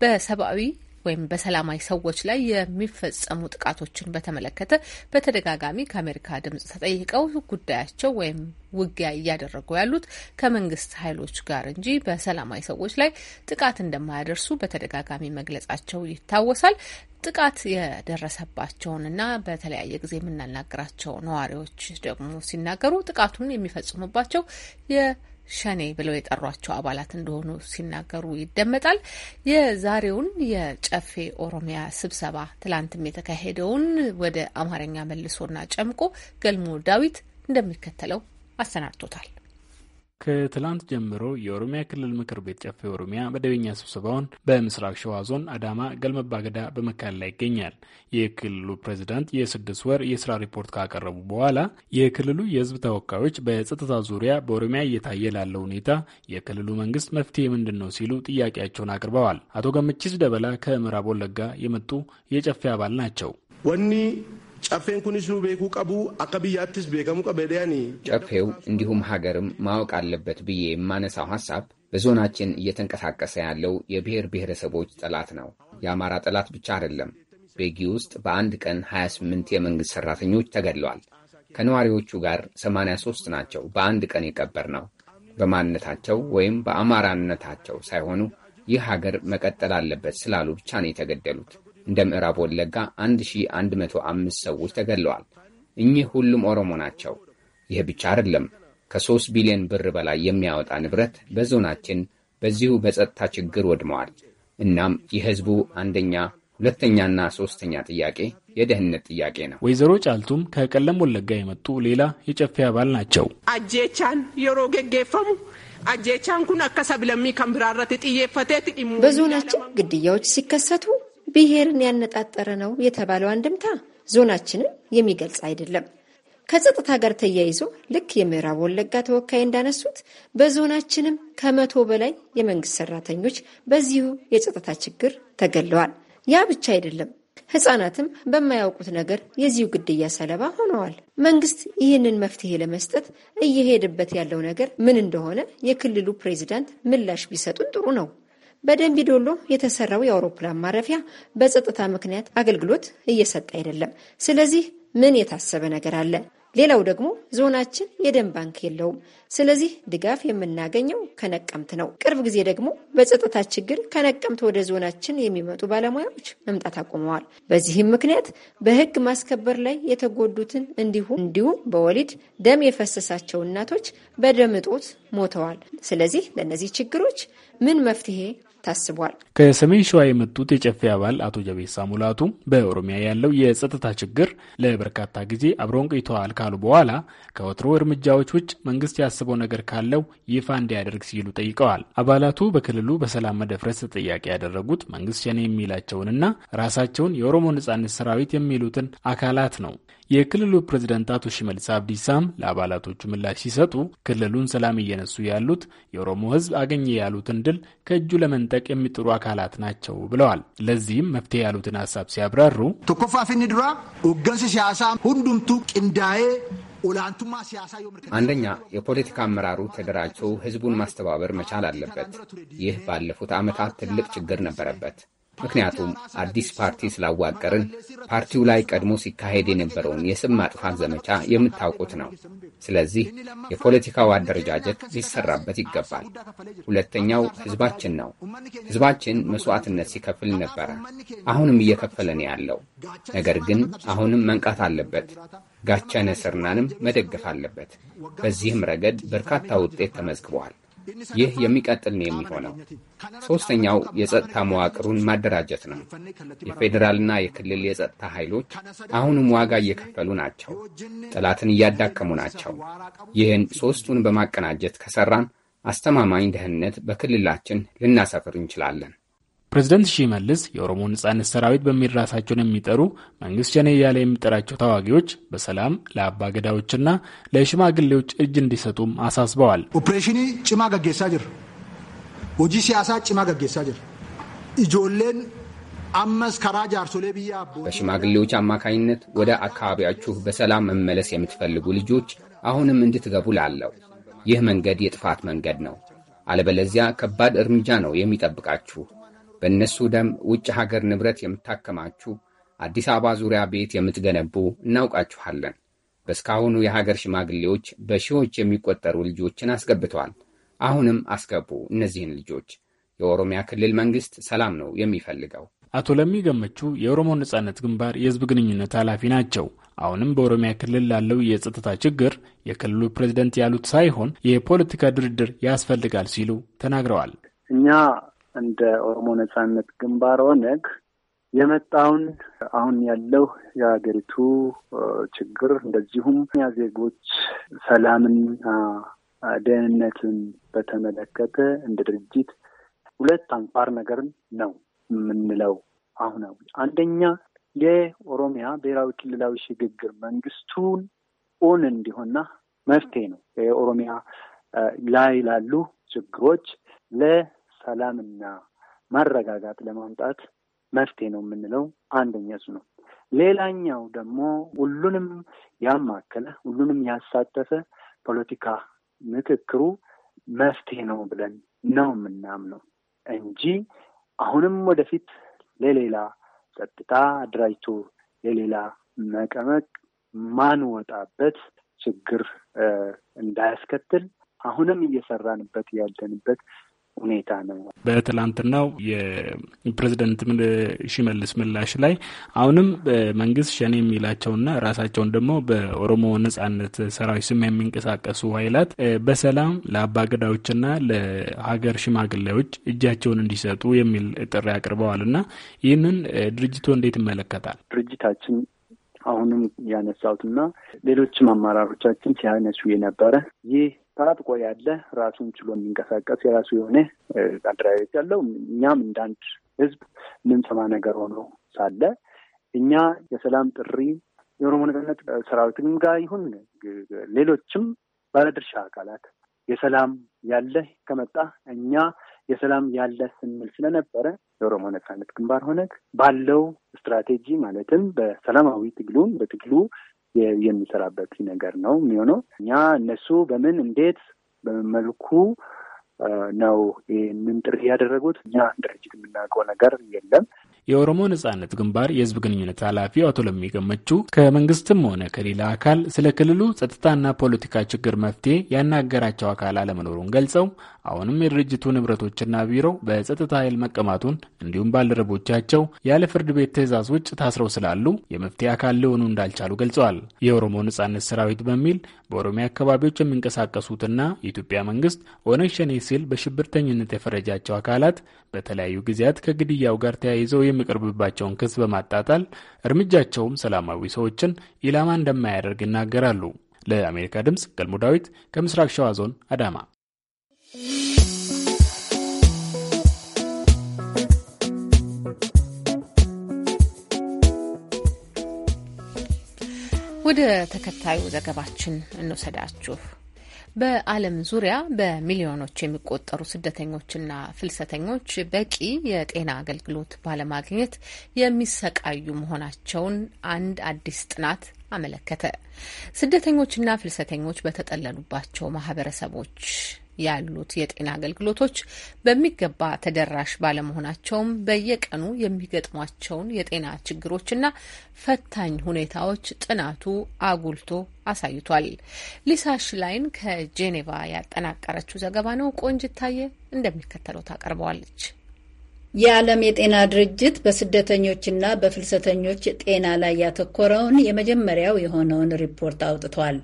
በሰብአዊ ወይም በሰላማዊ ሰዎች ላይ የሚፈጸሙ ጥቃቶችን በተመለከተ በተደጋጋሚ ከአሜሪካ ድምጽ ተጠይቀው ጉዳያቸው ወይም ውጊያ እያደረጉ ያሉት ከመንግስት ኃይሎች ጋር እንጂ በሰላማዊ ሰዎች ላይ ጥቃት እንደማያደርሱ በተደጋጋሚ መግለጻቸው ይታወሳል። ጥቃት የደረሰባቸውንና በተለያየ ጊዜ የምናናገራቸው ነዋሪዎች ደግሞ ሲናገሩ ጥቃቱን የሚፈጽሙባቸው ሸኔ ብለው የጠሯቸው አባላት እንደሆኑ ሲናገሩ ይደመጣል። የዛሬውን የጨፌ ኦሮሚያ ስብሰባ ትላንትም የተካሄደውን ወደ አማርኛ መልሶና ጨምቆ ገልሞ ዳዊት እንደሚከተለው አሰናድቶታል። ከትላንት ጀምሮ የኦሮሚያ ክልል ምክር ቤት ጨፌ ኦሮሚያ መደበኛ ስብሰባውን በምስራቅ ሸዋ ዞን አዳማ ገልመባገዳ ገዳ በመካሄድ ላይ ይገኛል። የክልሉ ፕሬዚዳንት የስድስት ወር የስራ ሪፖርት ካቀረቡ በኋላ የክልሉ የህዝብ ተወካዮች በጸጥታ ዙሪያ በኦሮሚያ እየታየ ላለው ሁኔታ የክልሉ መንግስት መፍትሄ ምንድን ነው ሲሉ ጥያቄያቸውን አቅርበዋል። አቶ ገመቺስ ደበላ ከምዕራብ ወለጋ የመጡ የጨፌ አባል ናቸው። ወኒ ጨፌን ኑ ቤኩ ቀቡ አካ ብያትስ ቤከሙ ቀበዲያኒ ጨፌው እንዲሁም ሀገርም ማወቅ አለበት ብዬ የማነሳው ሀሳብ በዞናችን እየተንቀሳቀሰ ያለው የብሔር ብሔረሰቦች ጠላት ነው። የአማራ ጠላት ብቻ አይደለም። ቤጊ ውስጥ በአንድ ቀን 28 የመንግሥት ሠራተኞች ተገድለዋል። ከነዋሪዎቹ ጋር 83 ናቸው በአንድ ቀን የቀበር ነው። በማንነታቸው ወይም በአማራነታቸው ሳይሆኑ ይህ ሀገር መቀጠል አለበት ስላሉ ብቻ ነው የተገደሉት። እንደ ምዕራብ ወለጋ 1105 ሰዎች ተገድለዋል። እኚህ ሁሉም ኦሮሞ ናቸው። ይህ ብቻ አይደለም። ከ3 ቢሊዮን ብር በላይ የሚያወጣ ንብረት በዞናችን በዚሁ በጸጥታ ችግር ወድመዋል። እናም የህዝቡ አንደኛ ሁለተኛና ሶስተኛ ጥያቄ የደህንነት ጥያቄ ነው። ወይዘሮ ጫልቱም ከቀለም ወለጋ የመጡ ሌላ የጨፌ አባል ናቸው። አጄቻን የሮ ገጌፈሙ አጄቻን ኩን አከሰብ ለሚ ከምብራረት ጥየፈቴት በዞናችን ግድያዎች ሲከሰቱ ብሔርን ያነጣጠረ ነው የተባለው አንድምታ ዞናችንን የሚገልጽ አይደለም። ከጸጥታ ጋር ተያይዞ ልክ የምዕራብ ወለጋ ተወካይ እንዳነሱት በዞናችንም ከመቶ በላይ የመንግስት ሰራተኞች በዚሁ የጸጥታ ችግር ተገለዋል። ያ ብቻ አይደለም፣ ህጻናትም በማያውቁት ነገር የዚሁ ግድያ ሰለባ ሆነዋል። መንግስት ይህንን መፍትሄ ለመስጠት እየሄደበት ያለው ነገር ምን እንደሆነ የክልሉ ፕሬዚዳንት ምላሽ ቢሰጡን ጥሩ ነው። በደንቢዶሎ የተሰራው የአውሮፕላን ማረፊያ በጸጥታ ምክንያት አገልግሎት እየሰጠ አይደለም። ስለዚህ ምን የታሰበ ነገር አለ? ሌላው ደግሞ ዞናችን የደም ባንክ የለውም። ስለዚህ ድጋፍ የምናገኘው ከነቀምት ነው። ቅርብ ጊዜ ደግሞ በጸጥታ ችግር ከነቀምት ወደ ዞናችን የሚመጡ ባለሙያዎች መምጣት አቁመዋል። በዚህም ምክንያት በሕግ ማስከበር ላይ የተጎዱትን እንዲሁም እንዲሁም በወሊድ ደም የፈሰሳቸው እናቶች በደም እጦት ሞተዋል። ስለዚህ ለእነዚህ ችግሮች ምን መፍትሄ ታስቧል። ከሰሜን ሸዋ የመጡት የጨፌ አባል አቶ ጀቤሳ ሙላቱ በኦሮሚያ ያለው የጸጥታ ችግር ለበርካታ ጊዜ አብረውን ቆይተዋል ካሉ በኋላ ከወትሮ እርምጃዎች ውጭ መንግስት ያስበው ነገር ካለው ይፋ እንዲያደርግ ሲሉ ጠይቀዋል። አባላቱ በክልሉ በሰላም መደፍረስ ተጠያቂ ያደረጉት መንግስት ሸኔ የሚላቸውንና ራሳቸውን የኦሮሞ ነጻነት ሰራዊት የሚሉትን አካላት ነው። የክልሉ ፕሬዝደንት አቶ ሽመልስ አብዲሳም ለአባላቶቹ ምላሽ ሲሰጡ ክልሉን ሰላም እየነሱ ያሉት የኦሮሞ ሕዝብ አገኘ ያሉትን ድል ከእጁ ለመንጠቅ የሚጥሩ አካላት ናቸው ብለዋል። ለዚህም መፍትሄ ያሉትን ሀሳብ ሲያብራሩ ቶኮፋፊኒ ድራ ኡገንስ ሲያሳ ሁንዱምቱ ቅንዳዬ አንደኛ የፖለቲካ አመራሩ ተደራጅቶ ህዝቡን ማስተባበር መቻል አለበት። ይህ ባለፉት ዓመታት ትልቅ ችግር ነበረበት። ምክንያቱም አዲስ ፓርቲ ስላዋቀርን ፓርቲው ላይ ቀድሞ ሲካሄድ የነበረውን የስም ማጥፋት ዘመቻ የምታውቁት ነው። ስለዚህ የፖለቲካው አደረጃጀት ሊሰራበት ይገባል። ሁለተኛው ህዝባችን ነው። ህዝባችን መስዋዕትነት ሲከፍል ነበረ፣ አሁንም እየከፈለ ነው ያለው። ነገር ግን አሁንም መንቃት አለበት። ጋቸነ ስርናንም መደገፍ አለበት። በዚህም ረገድ በርካታ ውጤት ተመዝግበዋል። ይህ የሚቀጥል ነው የሚሆነው። ሦስተኛው የጸጥታ መዋቅሩን ማደራጀት ነው። የፌዴራልና የክልል የጸጥታ ኃይሎች አሁንም ዋጋ እየከፈሉ ናቸው፣ ጠላትን እያዳከሙ ናቸው። ይህን ሦስቱን በማቀናጀት ከሠራን አስተማማኝ ደህንነት በክልላችን ልናሰፍር እንችላለን። ፕሬዝደንት ሺመልስ የኦሮሞ ነጻነት ሰራዊት በሚል ራሳቸውን የሚጠሩ መንግስት ሸኔ እያለ የሚጠራቸው ታዋጊዎች በሰላም ለአባ ገዳዎችና ለሽማግሌዎች እጅ እንዲሰጡም አሳስበዋል። ኦፕሬሽን ጭማ ገጌሳ ጅር ወጂ ሲያሳ ጭማ ገጌሳ ጅር ኢጆሌን አመስ ከራ ጃርሶሌ ብያ በሽማግሌዎች አማካኝነት ወደ አካባቢያችሁ በሰላም መመለስ የምትፈልጉ ልጆች አሁንም እንድትገቡ ላለው ይህ መንገድ የጥፋት መንገድ ነው። አለበለዚያ ከባድ እርምጃ ነው የሚጠብቃችሁ። በእነሱ ደም ውጭ ሀገር ንብረት የምታከማችሁ፣ አዲስ አበባ ዙሪያ ቤት የምትገነቡ እናውቃችኋለን። በእስካሁኑ የሀገር ሽማግሌዎች በሺዎች የሚቆጠሩ ልጆችን አስገብተዋል። አሁንም አስገቡ እነዚህን ልጆች። የኦሮሚያ ክልል መንግስት ሰላም ነው የሚፈልገው። አቶ ለሚ ገመቹ የኦሮሞ ነጻነት ግንባር የህዝብ ግንኙነት ኃላፊ ናቸው። አሁንም በኦሮሚያ ክልል ላለው የጸጥታ ችግር የክልሉ ፕሬዚደንት ያሉት ሳይሆን የፖለቲካ ድርድር ያስፈልጋል ሲሉ ተናግረዋል። እኛ እንደ ኦሮሞ ነጻነት ግንባር ኦነግ የመጣውን አሁን ያለው የሀገሪቱ ችግር እንደዚሁም ያ ዜጎች ሰላምና ደህንነትን በተመለከተ እንደ ድርጅት ሁለት አንፋር ነገርን ነው የምንለው አሁን አንደኛ የኦሮሚያ ብሔራዊ ክልላዊ ሽግግር መንግስቱን ኦን እንዲሆንና መፍትሄ ነው የኦሮሚያ ላይ ላሉ ችግሮች ለ ሰላምና መረጋጋት ለማምጣት መፍትሄ ነው የምንለው አንደኛ እሱ ነው። ሌላኛው ደግሞ ሁሉንም ያማከለ ሁሉንም ያሳተፈ ፖለቲካ ምክክሩ መፍትሄ ነው ብለን ነው የምናምነው እንጂ አሁንም ወደፊት ለሌላ ጸጥታ አድራጅቶ ለሌላ መቀመቅ ማንወጣበት ችግር እንዳያስከትል አሁንም እየሰራንበት ያለንበት ሁኔታ ነው። በትላንትናው የፕሬዚደንት ሽመልስ ምላሽ ላይ አሁንም በመንግስት ሸኔ የሚላቸውና ራሳቸውን ደግሞ በኦሮሞ ነጻነት ሰራዊት ስም የሚንቀሳቀሱ ኃይላት በሰላም ለአባገዳዮችና ለሀገር ሽማግሌዎች እጃቸውን እንዲሰጡ የሚል ጥሪ አቅርበዋል እና ይህንን ድርጅቱ እንዴት ይመለከታል? ድርጅታችን አሁንም ያነሳሁትና ሌሎችም አመራሮቻችን ሲያነሱ የነበረ ይህ ተናጥቆ ያለ ራሱን ችሎ የሚንቀሳቀስ የራሱ የሆነ አደራጀት ያለው እኛም እንደ አንድ ህዝብ የምንሰማ ነገር ሆኖ ሳለ እኛ የሰላም ጥሪ የኦሮሞ ነጻነት ሰራዊትም ጋር ይሁን ሌሎችም ባለድርሻ አካላት የሰላም ያለ ከመጣ እኛ የሰላም ያለ ስንል ስለነበረ የኦሮሞ ነጻነት ግንባር ሆነ ባለው ስትራቴጂ ማለትም በሰላማዊ ትግሉን በትግሉ የምንሰራበት ነገር ነው የሚሆነው። እኛ እነሱ በምን እንዴት በመልኩ ነው ይህንን ጥሪ ያደረጉት እኛ ድርጅት የምናውቀው ነገር የለም። የኦሮሞ ነጻነት ግንባር የህዝብ ግንኙነት ኃላፊው አቶ ለሚ ገመቹ ከመንግስትም ሆነ ከሌላ አካል ስለ ክልሉ ጸጥታና ፖለቲካ ችግር መፍትሄ ያናገራቸው አካል አለመኖሩን ገልጸው አሁንም የድርጅቱ ንብረቶችና ቢሮ በጸጥታ ኃይል መቀማቱን እንዲሁም ባልደረቦቻቸው ያለ ፍርድ ቤት ትእዛዝ ውጭ ታስረው ስላሉ የመፍትሄ አካል ሊሆኑ እንዳልቻሉ ገልጸዋል። የኦሮሞ ነጻነት ሰራዊት በሚል በኦሮሚያ አካባቢዎች የሚንቀሳቀሱትና የኢትዮጵያ መንግስት ኦነግ ሸኔ ሲል በሽብርተኝነት የፈረጃቸው አካላት በተለያዩ ጊዜያት ከግድያው ጋር ተያይዘው የሚቀርብባቸውን ክስ በማጣጣል እርምጃቸውም ሰላማዊ ሰዎችን ኢላማ እንደማያደርግ ይናገራሉ። ለአሜሪካ ድምፅ ገልሞ ዳዊት ከምስራቅ ሸዋ ዞን አዳማ ወደ ተከታዩ ዘገባችን እንውሰዳችሁ። በዓለም ዙሪያ በሚሊዮኖች የሚቆጠሩ ስደተኞችና ፍልሰተኞች በቂ የጤና አገልግሎት ባለማግኘት የሚሰቃዩ መሆናቸውን አንድ አዲስ ጥናት አመለከተ። ስደተኞችና ፍልሰተኞች በተጠለሉባቸው ማህበረሰቦች ያሉት የጤና አገልግሎቶች በሚገባ ተደራሽ ባለመሆናቸውም በየቀኑ የሚገጥሟቸውን የጤና ችግሮችና ፈታኝ ሁኔታዎች ጥናቱ አጉልቶ አሳይቷል። ሊሳ ሽላይን ከጄኔቫ ያጠናቀረችው ዘገባ ነው። ቆንጅታየ እንደሚከተለው ታቀርበዋለች። የዓለም የጤና ድርጅት በስደተኞችና በፍልሰተኞች ጤና ላይ ያተኮረውን የመጀመሪያው የሆነውን ሪፖርት አውጥቷል።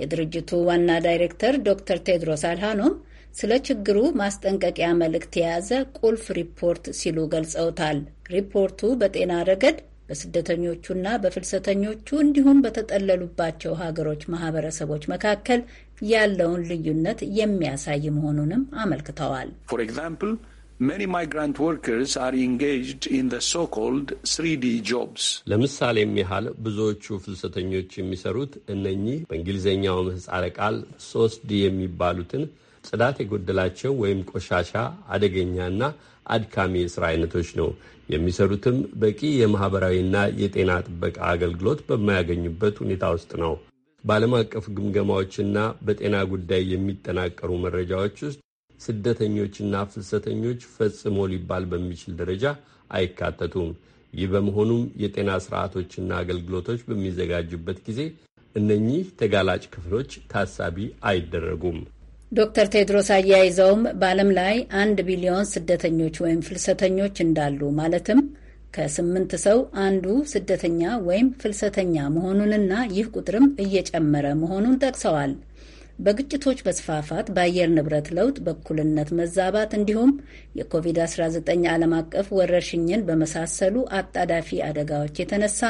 የድርጅቱ ዋና ዳይሬክተር ዶክተር ቴድሮስ አድሃኖም ስለ ችግሩ ማስጠንቀቂያ መልእክት የያዘ ቁልፍ ሪፖርት ሲሉ ገልጸውታል። ሪፖርቱ በጤና ረገድ በስደተኞቹና በፍልሰተኞቹ እንዲሁም በተጠለሉባቸው ሀገሮች ማህበረሰቦች መካከል ያለውን ልዩነት የሚያሳይ መሆኑንም አመልክተዋል። many migrant workers are engaged in the so-called 3D jobs. ለምሳሌም ያህል ብዙዎቹ ፍልሰተኞች የሚሰሩት እነኚህ በእንግሊዝኛው ምህጻረ ቃል ሶስት ዲ የሚባሉትን ጽዳት የጎደላቸው ወይም ቆሻሻ አደገኛና አድካሚ የስራ አይነቶች ነው። የሚሰሩትም በቂ የማህበራዊና የጤና ጥበቃ አገልግሎት በማያገኙበት ሁኔታ ውስጥ ነው። በዓለም አቀፍ ግምገማዎችና በጤና ጉዳይ የሚጠናቀሩ መረጃዎች ውስጥ ስደተኞችና ፍልሰተኞች ፈጽሞ ሊባል በሚችል ደረጃ አይካተቱም። ይህ በመሆኑም የጤና ስርዓቶችና አገልግሎቶች በሚዘጋጁበት ጊዜ እነኚህ ተጋላጭ ክፍሎች ታሳቢ አይደረጉም። ዶክተር ቴድሮስ አያይዘውም በዓለም ላይ አንድ ቢሊዮን ስደተኞች ወይም ፍልሰተኞች እንዳሉ ማለትም ከስምንት ሰው አንዱ ስደተኛ ወይም ፍልሰተኛ መሆኑንና ይህ ቁጥርም እየጨመረ መሆኑን ጠቅሰዋል። በግጭቶች መስፋፋት፣ በአየር ንብረት ለውጥ፣ በእኩልነት መዛባት እንዲሁም የኮቪድ-19 ዓለም አቀፍ ወረርሽኝን በመሳሰሉ አጣዳፊ አደጋዎች የተነሳ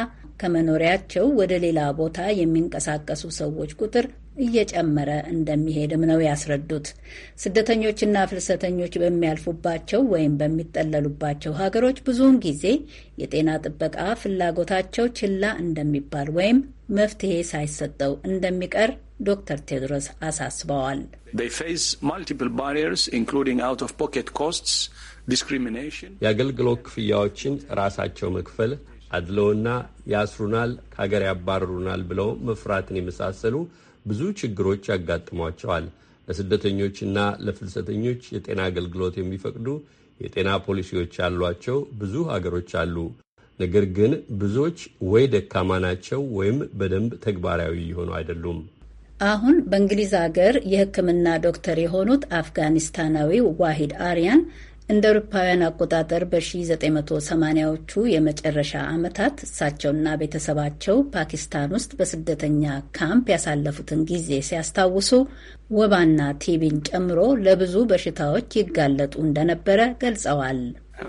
ከመኖሪያቸው ወደ ሌላ ቦታ የሚንቀሳቀሱ ሰዎች ቁጥር እየጨመረ እንደሚሄድም ነው ያስረዱት። ስደተኞችና ፍልሰተኞች በሚያልፉባቸው ወይም በሚጠለሉባቸው ሀገሮች ብዙውን ጊዜ የጤና ጥበቃ ፍላጎታቸው ችላ እንደሚባል ወይም መፍትሄ ሳይሰጠው እንደሚቀር ዶክተር ቴድሮስ አሳስበዋል። የአገልግሎት ክፍያዎችን ራሳቸው መክፈል፣ አድለውና ያስሩናል፣ ከሀገር ያባረሩናል ብለው መፍራትን የመሳሰሉ ብዙ ችግሮች ያጋጥሟቸዋል። ለስደተኞችና ለፍልሰተኞች የጤና አገልግሎት የሚፈቅዱ የጤና ፖሊሲዎች ያሏቸው ብዙ ሀገሮች አሉ። ነገር ግን ብዙዎች ወይ ደካማ ናቸው ወይም በደንብ ተግባራዊ የሆኑ አይደሉም። አሁን በእንግሊዝ አገር የሕክምና ዶክተር የሆኑት አፍጋኒስታናዊው ዋሂድ አሪያን እንደ አውሮፓውያን አቆጣጠር በ1980ዎቹ የመጨረሻ ዓመታት እሳቸውና ቤተሰባቸው ፓኪስታን ውስጥ በስደተኛ ካምፕ ያሳለፉትን ጊዜ ሲያስታውሱ ወባና ቲቢን ጨምሮ ለብዙ በሽታዎች ይጋለጡ እንደነበረ ገልጸዋል።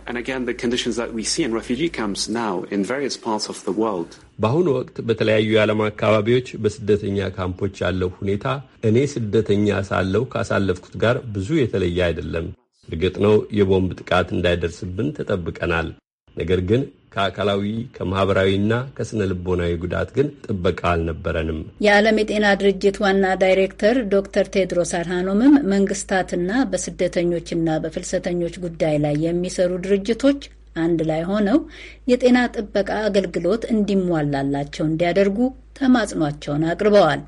And again, the conditions that we see in refugee camps now in various parts of the world. በአሁኑ ወቅት በተለያዩ የዓለም አካባቢዎች በስደተኛ ካምፖች ያለው ሁኔታ እኔ ስደተኛ ሳለሁ ካሳለፍኩት ጋር ብዙ የተለየ አይደለም። እርግጥ ነው የቦምብ ጥቃት እንዳይደርስብን ተጠብቀናል። ነገር ግን ከአካላዊ ከማህበራዊና ከስነ ልቦናዊ ጉዳት ግን ጥበቃ አልነበረንም። የዓለም የጤና ድርጅት ዋና ዳይሬክተር ዶክተር ቴድሮስ አድሃኖምም መንግስታትና በስደተኞችና በፍልሰተኞች ጉዳይ ላይ የሚሰሩ ድርጅቶች አንድ ላይ ሆነው የጤና ጥበቃ አገልግሎት እንዲሟላላቸው እንዲያደርጉ ተማጽኗቸውን አቅርበዋል።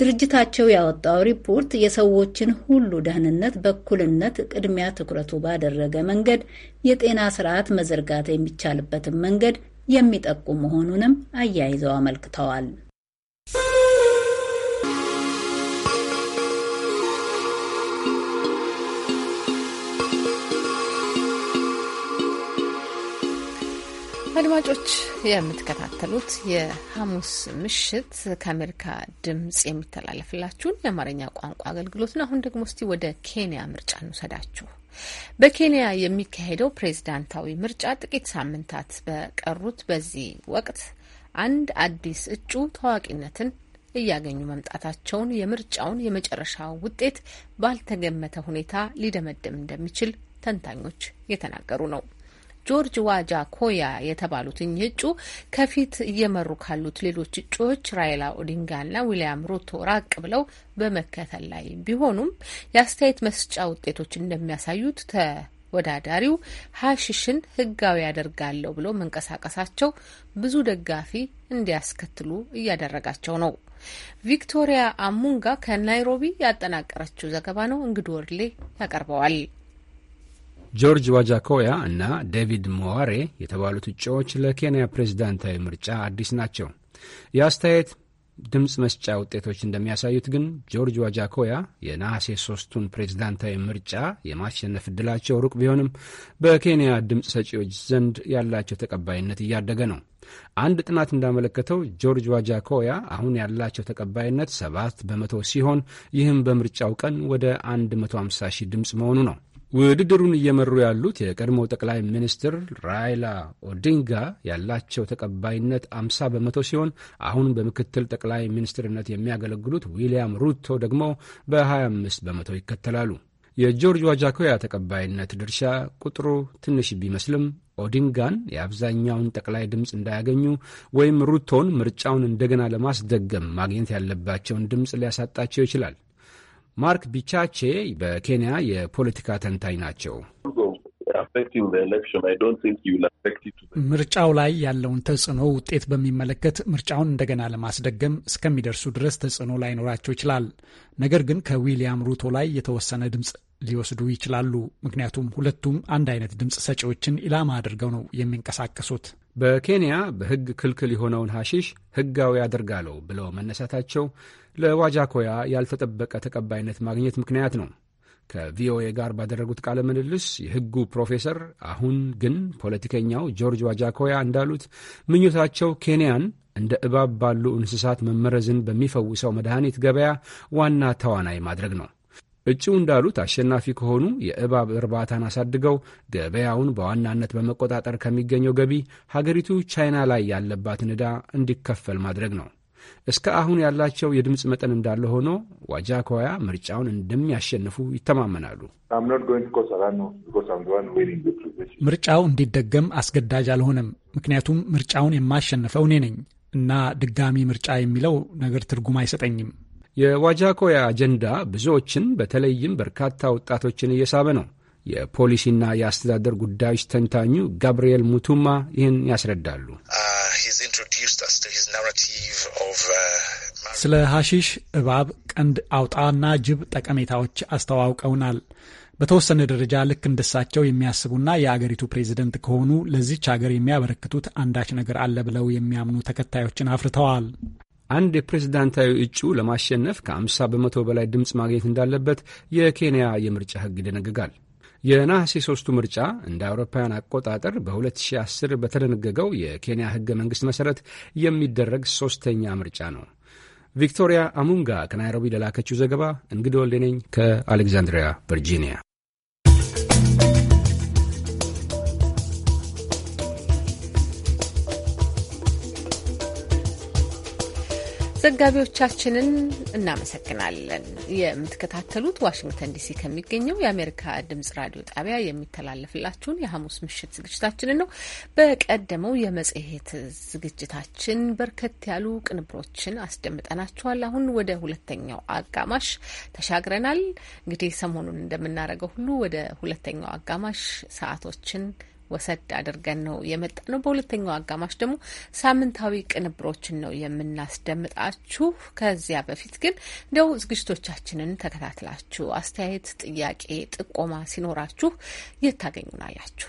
ድርጅታቸው ያወጣው ሪፖርት የሰዎችን ሁሉ ደህንነት በእኩልነት ቅድሚያ ትኩረቱ ባደረገ መንገድ የጤና ስርዓት መዘርጋት የሚቻልበትን መንገድ የሚጠቁም መሆኑንም አያይዘው አመልክተዋል። አድማጮች የምትከታተሉት የሐሙስ ምሽት ከአሜሪካ ድምጽ የሚተላለፍላችሁን የአማርኛ ቋንቋ አገልግሎት ነው። አሁን ደግሞ እስቲ ወደ ኬንያ ምርጫ እንውሰዳችሁ። በኬንያ የሚካሄደው ፕሬዝዳንታዊ ምርጫ ጥቂት ሳምንታት በቀሩት በዚህ ወቅት አንድ አዲስ እጩ ታዋቂነትን እያገኙ መምጣታቸውን የምርጫውን የመጨረሻ ውጤት ባልተገመተ ሁኔታ ሊደመድም እንደሚችል ተንታኞች እየተናገሩ ነው። ጆርጅ ዋጃ ኮያ የተባሉት እኚህ እጩ ከፊት እየመሩ ካሉት ሌሎች እጩዎች ራይላ ኦዲንጋና ዊሊያም ሩቶ ራቅ ብለው በመከተል ላይ ቢሆኑም የአስተያየት መስጫ ውጤቶች እንደሚያሳዩት ተወዳዳሪው ሀሽሽን ህጋዊ ያደርጋለሁ ብሎ መንቀሳቀሳቸው ብዙ ደጋፊ እንዲያስከትሉ እያደረጋቸው ነው። ቪክቶሪያ አሙንጋ ከናይሮቢ ያጠናቀረችው ዘገባ ነው። እንግድ ወርሌ ያቀርበዋል። ጆርጅ ዋጃኮያ እና ዴቪድ ሞዋሬ የተባሉት እጩዎች ለኬንያ ፕሬዝዳንታዊ ምርጫ አዲስ ናቸው። የአስተያየት ድምፅ መስጫ ውጤቶች እንደሚያሳዩት ግን ጆርጅ ዋጃኮያ የነሐሴ ሶስቱን ፕሬዝዳንታዊ ምርጫ የማሸነፍ ዕድላቸው ሩቅ ቢሆንም በኬንያ ድምፅ ሰጪዎች ዘንድ ያላቸው ተቀባይነት እያደገ ነው። አንድ ጥናት እንዳመለከተው ጆርጅ ዋጃኮያ አሁን ያላቸው ተቀባይነት ሰባት በመቶ ሲሆን ይህም በምርጫው ቀን ወደ 150 ሺህ ድምፅ መሆኑ ነው። ውድድሩን እየመሩ ያሉት የቀድሞው ጠቅላይ ሚኒስትር ራይላ ኦዲንጋ ያላቸው ተቀባይነት 50 በመቶ ሲሆን አሁን በምክትል ጠቅላይ ሚኒስትርነት የሚያገለግሉት ዊልያም ሩቶ ደግሞ በ25 በመቶ ይከተላሉ። የጆርጅ ዋጃኮያ ተቀባይነት ድርሻ ቁጥሩ ትንሽ ቢመስልም ኦዲንጋን የአብዛኛውን ጠቅላይ ድምፅ እንዳያገኙ ወይም ሩቶን ምርጫውን እንደገና ለማስደገም ማግኘት ያለባቸውን ድምፅ ሊያሳጣቸው ይችላል። ማርክ ቢቻቼ በኬንያ የፖለቲካ ተንታኝ ናቸው። ምርጫው ላይ ያለውን ተጽዕኖ ውጤት በሚመለከት ምርጫውን እንደገና ለማስደገም እስከሚደርሱ ድረስ ተጽዕኖ ላይኖራቸው ይችላል። ነገር ግን ከዊሊያም ሩቶ ላይ የተወሰነ ድምፅ ሊወስዱ ይችላሉ። ምክንያቱም ሁለቱም አንድ አይነት ድምፅ ሰጪዎችን ኢላማ አድርገው ነው የሚንቀሳቀሱት። በኬንያ በሕግ ክልክል የሆነውን ሐሺሽ ሕጋዊ አድርጋለሁ ብለው መነሳታቸው ለዋጃኮያ ያልተጠበቀ ተቀባይነት ማግኘት ምክንያት ነው። ከቪኦኤ ጋር ባደረጉት ቃለ ምልልስ የሕጉ ፕሮፌሰር አሁን ግን ፖለቲከኛው ጆርጅ ዋጃኮያ እንዳሉት ምኞታቸው ኬንያን እንደ እባብ ባሉ እንስሳት መመረዝን በሚፈውሰው መድኃኒት ገበያ ዋና ተዋናይ ማድረግ ነው። እጩው እንዳሉት አሸናፊ ከሆኑ የእባብ እርባታን አሳድገው ገበያውን በዋናነት በመቆጣጠር ከሚገኘው ገቢ ሀገሪቱ ቻይና ላይ ያለባትን ዕዳ እንዲከፈል ማድረግ ነው። እስከ አሁን ያላቸው የድምፅ መጠን እንዳለ ሆኖ ዋጃኮያ ምርጫውን እንደሚያሸንፉ ይተማመናሉ። ምርጫው እንዲደገም አስገዳጅ አልሆነም፣ ምክንያቱም ምርጫውን የማሸንፈው እኔ ነኝ እና ድጋሚ ምርጫ የሚለው ነገር ትርጉም አይሰጠኝም የዋጃኮያ አጀንዳ ብዙዎችን በተለይም በርካታ ወጣቶችን እየሳበ ነው። የፖሊሲና የአስተዳደር ጉዳዮች ተንታኙ ጋብርኤል ሙቱማ ይህን ያስረዳሉ። ስለ ሐሺሽ፣ እባብ፣ ቀንድ አውጣና ጅብ ጠቀሜታዎች አስተዋውቀውናል። በተወሰነ ደረጃ ልክ እንደሳቸው የሚያስቡና የአገሪቱ ፕሬዝደንት ከሆኑ ለዚች አገር የሚያበረክቱት አንዳች ነገር አለ ብለው የሚያምኑ ተከታዮችን አፍርተዋል። አንድ የፕሬዝዳንታዊ እጩ ለማሸነፍ ከ50 በመቶ በላይ ድምፅ ማግኘት እንዳለበት የኬንያ የምርጫ ሕግ ይደነግጋል። የነሐሴ ሶስቱ ምርጫ እንደ አውሮፓውያን አቆጣጠር በ2010 በተደነገገው የኬንያ ሕገ መንግሥት መሠረት የሚደረግ ሦስተኛ ምርጫ ነው። ቪክቶሪያ አሙንጋ ከናይሮቢ ለላከችው ዘገባ እንግዶ ወልዴ ከአሌክዛንድሪያ ቨርጂኒያ። ዘጋቢዎቻችንን እናመሰግናለን። የምትከታተሉት ዋሽንግተን ዲሲ ከሚገኘው የአሜሪካ ድምጽ ራዲዮ ጣቢያ የሚተላለፍላችሁን የሐሙስ ምሽት ዝግጅታችንን ነው። በቀደመው የመጽሔት ዝግጅታችን በርከት ያሉ ቅንብሮችን አስደምጠናችኋል። አሁን ወደ ሁለተኛው አጋማሽ ተሻግረናል። እንግዲህ ሰሞኑን እንደምናደርገው ሁሉ ወደ ሁለተኛው አጋማሽ ሰዓቶችን ወሰድ አድርገን ነው የመጣ ነው። በሁለተኛው አጋማሽ ደግሞ ሳምንታዊ ቅንብሮችን ነው የምናስደምጣችሁ። ከዚያ በፊት ግን እንደው ዝግጅቶቻችንን ተከታትላችሁ አስተያየት፣ ጥያቄ፣ ጥቆማ ሲኖራችሁ የት ታገኙናላችሁ?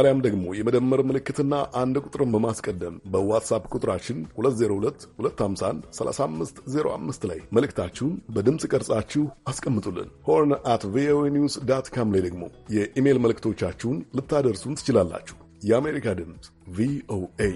አሊያም ደግሞ የመደመር ምልክትና አንድ ቁጥርን በማስቀደም በዋትሳፕ ቁጥራችን 2022513505 ላይ መልእክታችሁን በድምፅ ቀርጻችሁ አስቀምጡልን። ሆርን አት ቪኦኤ ኒውስ ዳት ካም ላይ ደግሞ የኢሜይል መልእክቶቻችሁን ልታደርሱን ትችላላችሁ። የአሜሪካ ድምፅ ቪኦኤ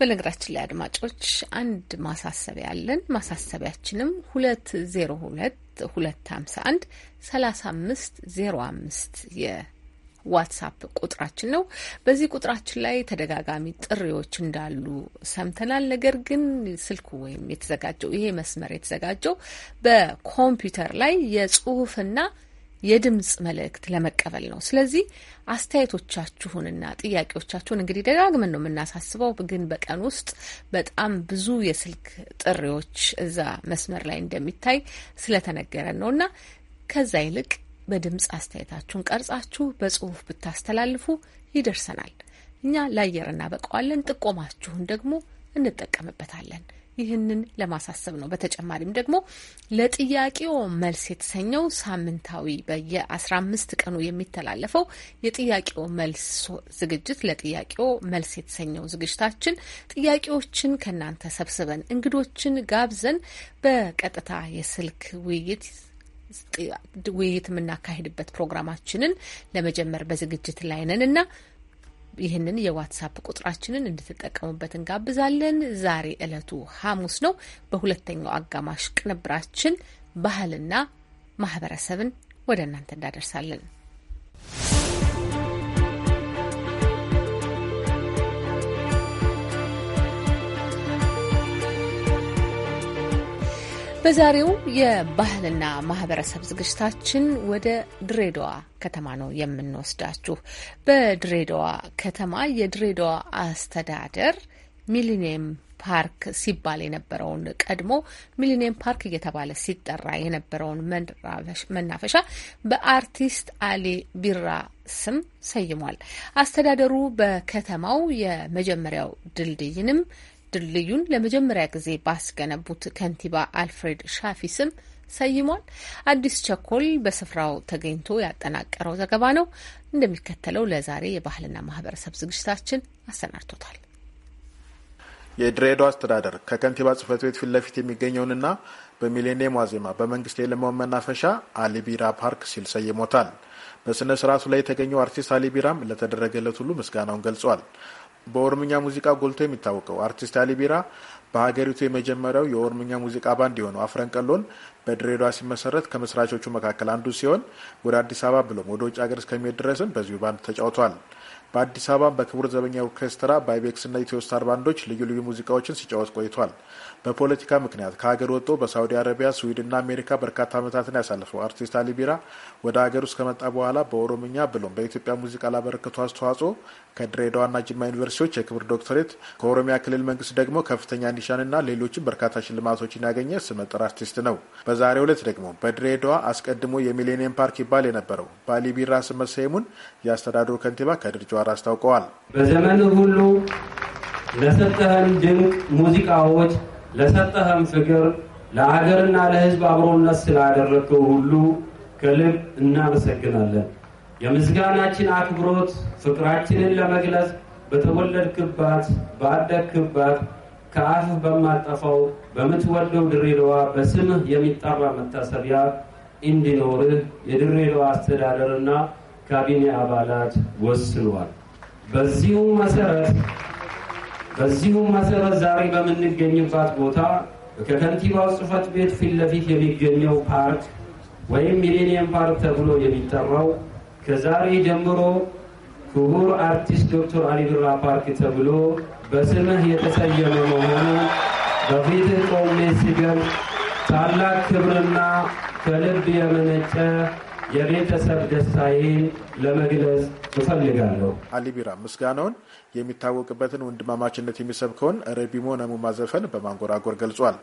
በነገራችን ላይ አድማጮች አንድ ማሳሰቢያ አለን። ማሳሰቢያችንም ሁለት ዜሮ ሁለት 251 የዋትስአፕ ቁጥራችን ነው። በዚህ ቁጥራችን ላይ ተደጋጋሚ ጥሪዎች እንዳሉ ሰምተናል። ነገር ግን ስልኩ ወይም የተዘጋጀው ይሄ መስመር የተዘጋጀው በኮምፒውተር ላይ የጽሁፍና የድምፅ መልእክት ለመቀበል ነው። ስለዚህ አስተያየቶቻችሁንና ጥያቄዎቻችሁን እንግዲህ ደጋግመን ነው የምናሳስበው፣ ግን በቀን ውስጥ በጣም ብዙ የስልክ ጥሪዎች እዛ መስመር ላይ እንደሚታይ ስለተነገረን ነው እና ከዛ ይልቅ በድምፅ አስተያየታችሁን ቀርጻችሁ በጽሁፍ ብታስተላልፉ ይደርሰናል። እኛ ለአየር እናበቀዋለን። ጥቆማችሁን ደግሞ እንጠቀምበታለን። ይህንን ለማሳሰብ ነው። በተጨማሪም ደግሞ ለጥያቄው መልስ የተሰኘው ሳምንታዊ በየ አምስት ቀኑ የሚተላለፈው የጥያቄው መልስ ዝግጅት ለጥያቄው መልስ የተሰኘው ዝግጅታችን ጥያቄዎችን ከእናንተ ሰብስበን እንግዶችን ጋብዘን በቀጥታ የስልክ ውይይት ውይይት የምናካሄድበት ፕሮግራማችንን ለመጀመር በዝግጅት ላይ ነን እና ይህንን የዋትሳፕ ቁጥራችንን እንድትጠቀሙበት እንጋብዛለን። ዛሬ እለቱ ሐሙስ ነው። በሁለተኛው አጋማሽ ቅንብራችን ባህልና ማህበረሰብን ወደ እናንተ እንዳደርሳለን። በዛሬው የባህልና ማህበረሰብ ዝግጅታችን ወደ ድሬዳዋ ከተማ ነው የምንወስዳችሁ። በድሬዳዋ ከተማ የድሬዳዋ አስተዳደር ሚሊኒየም ፓርክ ሲባል የነበረውን ቀድሞ ሚሊኒየም ፓርክ እየተባለ ሲጠራ የነበረውን መናፈሻ በአርቲስት አሊ ቢራ ስም ሰይሟል። አስተዳደሩ በከተማው የመጀመሪያው ድልድይንም ድልድዩን ለመጀመሪያ ጊዜ ባስገነቡት ከንቲባ አልፍሬድ ሻፊ ስም ሰይሟል። አዲስ ቸኮል በስፍራው ተገኝቶ ያጠናቀረው ዘገባ ነው። እንደሚከተለው ለዛሬ የባህልና ማህበረሰብ ዝግጅታችን አሰናድቶታል። የድሬዳዋ አስተዳደር ከከንቲባ ጽህፈት ቤት ፊት ለፊት የሚገኘውንና በሚሌኒየም ዋዜማ በመንግስት የለመውን መናፈሻ አሊቢራ ፓርክ ሲል ሰይሞታል። በስነ ስርዓቱ ላይ የተገኘው አርቲስት አሊቢራም ለተደረገለት ሁሉ ምስጋናውን ገልጿል። በኦሮምኛ ሙዚቃ ጎልቶ የሚታወቀው አርቲስት አሊ ቢራ በሀገሪቱ የመጀመሪያው የኦሮምኛ ሙዚቃ ባንድ የሆነው አፍረንቀሎን በድሬዳዋ ሲመሰረት ከመስራቾቹ መካከል አንዱ ሲሆን ወደ አዲስ አበባ ብሎም ወደ ውጭ ሀገር እስከሚሄድ ድረስም በዚሁ ባንድ ተጫውቷል። በአዲስ አበባ በክቡር ዘበኛ ኦርኬስትራ በአይቤክስና ኢትዮስታር ባንዶች ልዩ ልዩ ሙዚቃዎችን ሲጫወት ቆይቷል። በፖለቲካ ምክንያት ከሀገር ወጥቶ በሳዑዲ አረቢያ፣ ስዊድንና አሜሪካ በርካታ ዓመታትን ያሳለፈው አርቲስት አሊ ቢራ ወደ ሀገር ውስጥ ከመጣ በኋላ በኦሮምኛ ብሎም በኢትዮጵያ ሙዚቃ ላበረከቱ አስተዋጽኦ ከድሬዳዋና ጅማ ዩኒቨርሲቲዎች የክብር ዶክተሬት፣ ከኦሮሚያ ክልል መንግስት ደግሞ ከፍተኛ ኒሻንና ሌሎችም በርካታ ሽልማቶችን ያገኘ ስመጥር አርቲስት ነው። በዛሬው ዕለት ደግሞ በድሬዳዋ አስቀድሞ የሚሌኒየም ፓርክ ይባል የነበረው ባሊ ቢራ ስም መሰየሙን የአስተዳደሩ ከንቲባ ከድር ጀዋር አስታውቀዋል። በዘመን ሁሉ ለሰጠህን ድንቅ ሙዚቃዎች፣ ለሰጠህን ፍቅር፣ ለሀገርና ለህዝብ አብሮነት ስላደረግከው ሁሉ ከልብ እናመሰግናለን። የምስጋናችን አክብሮት ፍቅራችንን ለመግለጽ በተወለድክባት ባደግክባት ከአፍ በማጠፋው በምትወደው ድሬዳዋ በስምህ የሚጠራ መታሰቢያ እንዲኖርህ የድሬዳዋ አስተዳደርና ካቢኔ አባላት ወስኗል። በዚሁ መሰረት በዚሁ መሰረት ዛሬ በምንገኝባት ቦታ ከከንቲባው ጽህፈት ቤት ፊት ለፊት የሚገኘው ፓርክ ወይም ሚሌኒየም ፓርክ ተብሎ የሚጠራው ከዛሬ ጀምሮ ክቡር አርቲስት ዶክተር አሊ ቢራ ፓርክ ተብሎ በስምህ የተሰየመ መሆኑ በፊትህ ቆሜ ሲገል ታላቅ ክብርና ከልብ የመነጨ የቤተሰብ ደስታዬን ለመግለጽ እፈልጋለሁ። አሊ ቢራ ምስጋናውን የሚታወቅበትን ወንድማማችነት የሚሰብከውን ረቢሞ ነሙማ ዘፈን በማንጎራጎር ገልጿል።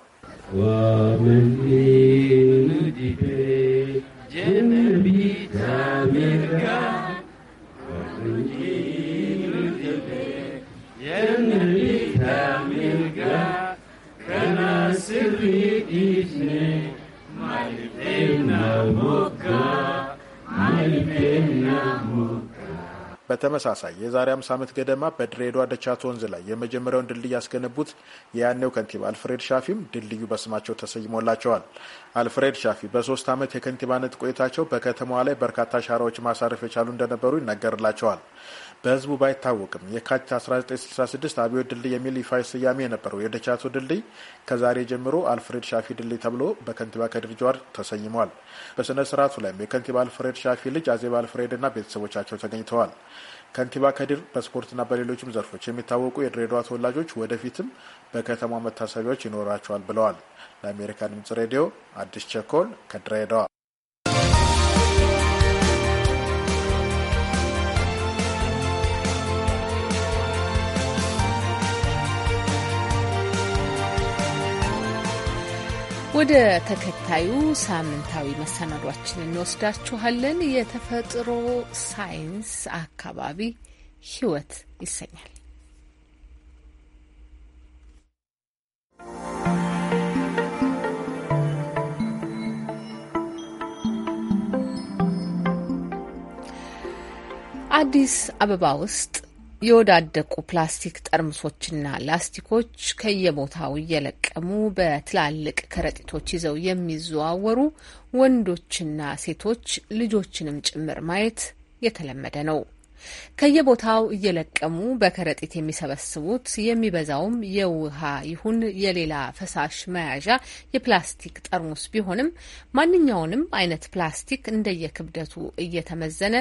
Malipena Moka, Malipena Moka. በተመሳሳይ የዛሬ 50 ዓመት ገደማ በድሬዳዋ ደቻት ወንዝ ላይ የመጀመሪያውን ድልድይ ያስገነቡት የያኔው ከንቲባ አልፍሬድ ሻፊም ድልድዩ በስማቸው ተሰይሞላቸዋል። አልፍሬድ ሻፊ በሶስት ዓመት የከንቲባነት ቆይታቸው በከተማዋ ላይ በርካታ አሻራዎች ማሳረፍ የቻሉ እንደነበሩ ይነገርላቸዋል። በህዝቡ ባይታወቅም የካቲት 1966 አብዮት ድልድይ የሚል ይፋዊ ስያሜ የነበረው የደቻቱ ድልድይ ከዛሬ ጀምሮ አልፍሬድ ሻፊ ድልድይ ተብሎ በከንቲባ ከድር ጀዋር ተሰይሟል። በስነ ስርዓቱ ላይም የከንቲባ አልፍሬድ ሻፊ ልጅ አዜብ አልፍሬድና ቤተሰቦቻቸው ተገኝተዋል። ከንቲባ ከድር በስፖርትና በሌሎችም ዘርፎች የሚታወቁ የድሬዳዋ ተወላጆች ወደፊትም በከተማ መታሰቢያዎች ይኖራቸዋል ብለዋል። ለአሜሪካ ድምጽ ሬዲዮ አዲስ ቸኮል ከድሬዳዋ ወደ ተከታዩ ሳምንታዊ መሰናዷችን እንወስዳችኋለን። የተፈጥሮ ሳይንስ አካባቢ ህይወት ይሰኛል። አዲስ አበባ ውስጥ የወዳደቁ ፕላስቲክ ጠርሙሶችና ላስቲኮች ከየቦታው እየለቀሙ በትላልቅ ከረጢቶች ይዘው የሚዘዋወሩ ወንዶችና ሴቶች ልጆችንም ጭምር ማየት የተለመደ ነው። ከየቦታው እየለቀሙ በከረጢት የሚሰበስቡት የሚበዛውም የውሃ ይሁን የሌላ ፈሳሽ መያዣ የፕላስቲክ ጠርሙስ ቢሆንም ማንኛውንም አይነት ፕላስቲክ እንደየክብደቱ እየተመዘነ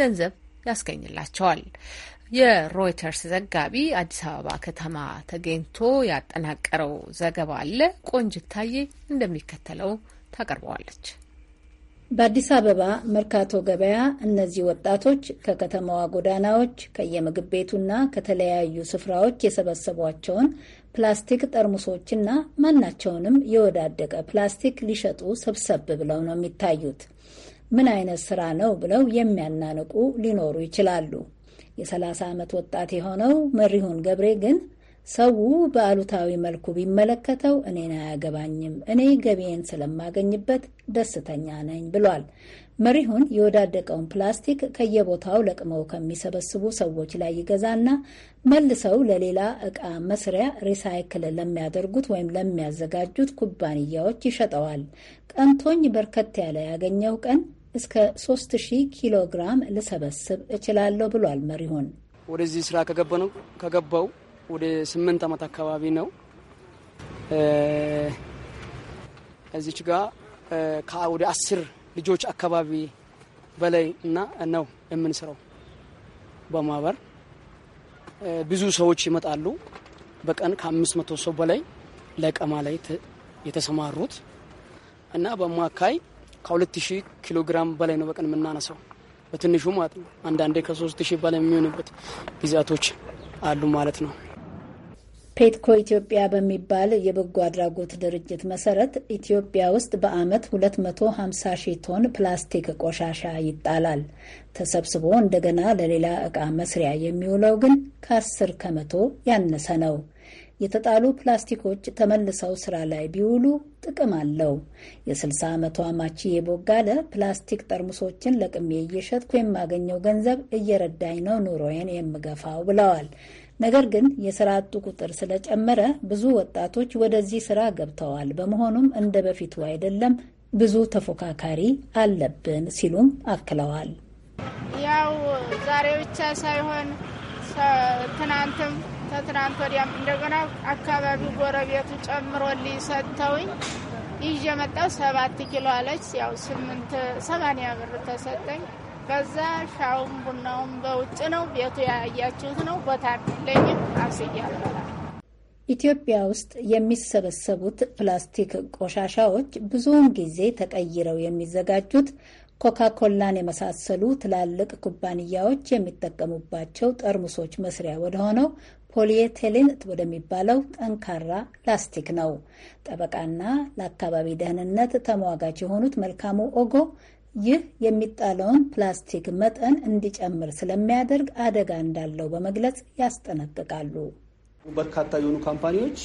ገንዘብ ያስገኝላቸዋል። የሮይተርስ ዘጋቢ አዲስ አበባ ከተማ ተገኝቶ ያጠናቀረው ዘገባ አለ። ቆንጅታዬ እንደሚከተለው ታቀርበዋለች። በአዲስ አበባ መርካቶ ገበያ እነዚህ ወጣቶች ከከተማዋ ጎዳናዎች ከየምግብ ቤቱና ከተለያዩ ስፍራዎች የሰበሰቧቸውን ፕላስቲክ ጠርሙሶችና ማናቸውንም የወዳደቀ ፕላስቲክ ሊሸጡ ሰብሰብ ብለው ነው የሚታዩት። ምን አይነት ስራ ነው ብለው የሚያናንቁ ሊኖሩ ይችላሉ። የ30 ዓመት ወጣት የሆነው መሪሁን ገብሬ ግን ሰው በአሉታዊ መልኩ ቢመለከተው እኔን አያገባኝም፣ እኔ ገቢዬን ስለማገኝበት ደስተኛ ነኝ ብሏል። መሪሁን የወዳደቀውን ፕላስቲክ ከየቦታው ለቅመው ከሚሰበስቡ ሰዎች ላይ ይገዛና መልሰው ለሌላ ዕቃ መስሪያ ሪሳይክል ለሚያደርጉት ወይም ለሚያዘጋጁት ኩባንያዎች ይሸጠዋል። ቀንቶኝ በርከት ያለ ያገኘው ቀን እስከ 3000 ኪሎ ግራም ልሰበስብ እችላለሁ ብሏል መሪሁን። ወደዚህ ስራ ከገባ ነው ከገባው ወደ 8 ዓመት አካባቢ ነው። እዚች ጋር ወደ 10 ልጆች አካባቢ በላይ እና ነው የምንሰራው በማህበር ብዙ ሰዎች ይመጣሉ። በቀን ከአምስት መቶ ሰው በላይ ለቀማ ላይ የተሰማሩት እና በማካይ ከ2000 ኪሎ ግራም በላይ ነው በቀን የምናነሳው በትንሹ ማለት ነው። አንዳንዴ ከ3000 በላይ የሚሆንበት ጊዜያቶች አሉ ማለት ነው። ፔትኮ ኢትዮጵያ በሚባል የበጎ አድራጎት ድርጅት መሰረት ኢትዮጵያ ውስጥ በአመት 250 ሺህ ቶን ፕላስቲክ ቆሻሻ ይጣላል። ተሰብስቦ እንደገና ለሌላ ዕቃ መስሪያ የሚውለው ግን ከ10 ከመቶ ያነሰ ነው። የተጣሉ ፕላስቲኮች ተመልሰው ስራ ላይ ቢውሉ ጥቅም አለው። የ60 ዓመቷ ማቺ የቦጋለ ፕላስቲክ ጠርሙሶችን ለቅሜ እየሸጥኩ የማገኘው ገንዘብ እየረዳኝ ነው ኑሮዬን የምገፋው ብለዋል። ነገር ግን የስራ አጡ ቁጥር ስለጨመረ ብዙ ወጣቶች ወደዚህ ስራ ገብተዋል። በመሆኑም እንደ በፊቱ አይደለም፣ ብዙ ተፎካካሪ አለብን ሲሉም አክለዋል። ያው ዛሬ ብቻ ሳይሆን ትናንትም ከትናንት ወዲያም እንደገና አካባቢው ጎረቤቱ ጨምሮልኝ ሰጥተውኝ ይዤ መጣሁ። ሰባት ኪሎ አለች። ያው ስምንት ሰማንያ ብር ተሰጠኝ። በዛ ሻውም ቡናውም በውጭ ነው። ቤቱ ያያችሁት ነው። ቦታ ለኝም አስያለ ኢትዮጵያ ውስጥ የሚሰበሰቡት ፕላስቲክ ቆሻሻዎች ብዙውን ጊዜ ተቀይረው የሚዘጋጁት ኮካ ኮላን የመሳሰሉ ትላልቅ ኩባንያዎች የሚጠቀሙባቸው ጠርሙሶች መስሪያ ወደሆነው ፖሊኤቴሊን ወደሚባለው ጠንካራ ላስቲክ ነው። ጠበቃና ለአካባቢ ደህንነት ተሟጋች የሆኑት መልካሙ ኦጎ ይህ የሚጣለውን ፕላስቲክ መጠን እንዲጨምር ስለሚያደርግ አደጋ እንዳለው በመግለጽ ያስጠነቅቃሉ። በርካታ የሆኑ ካምፓኒዎች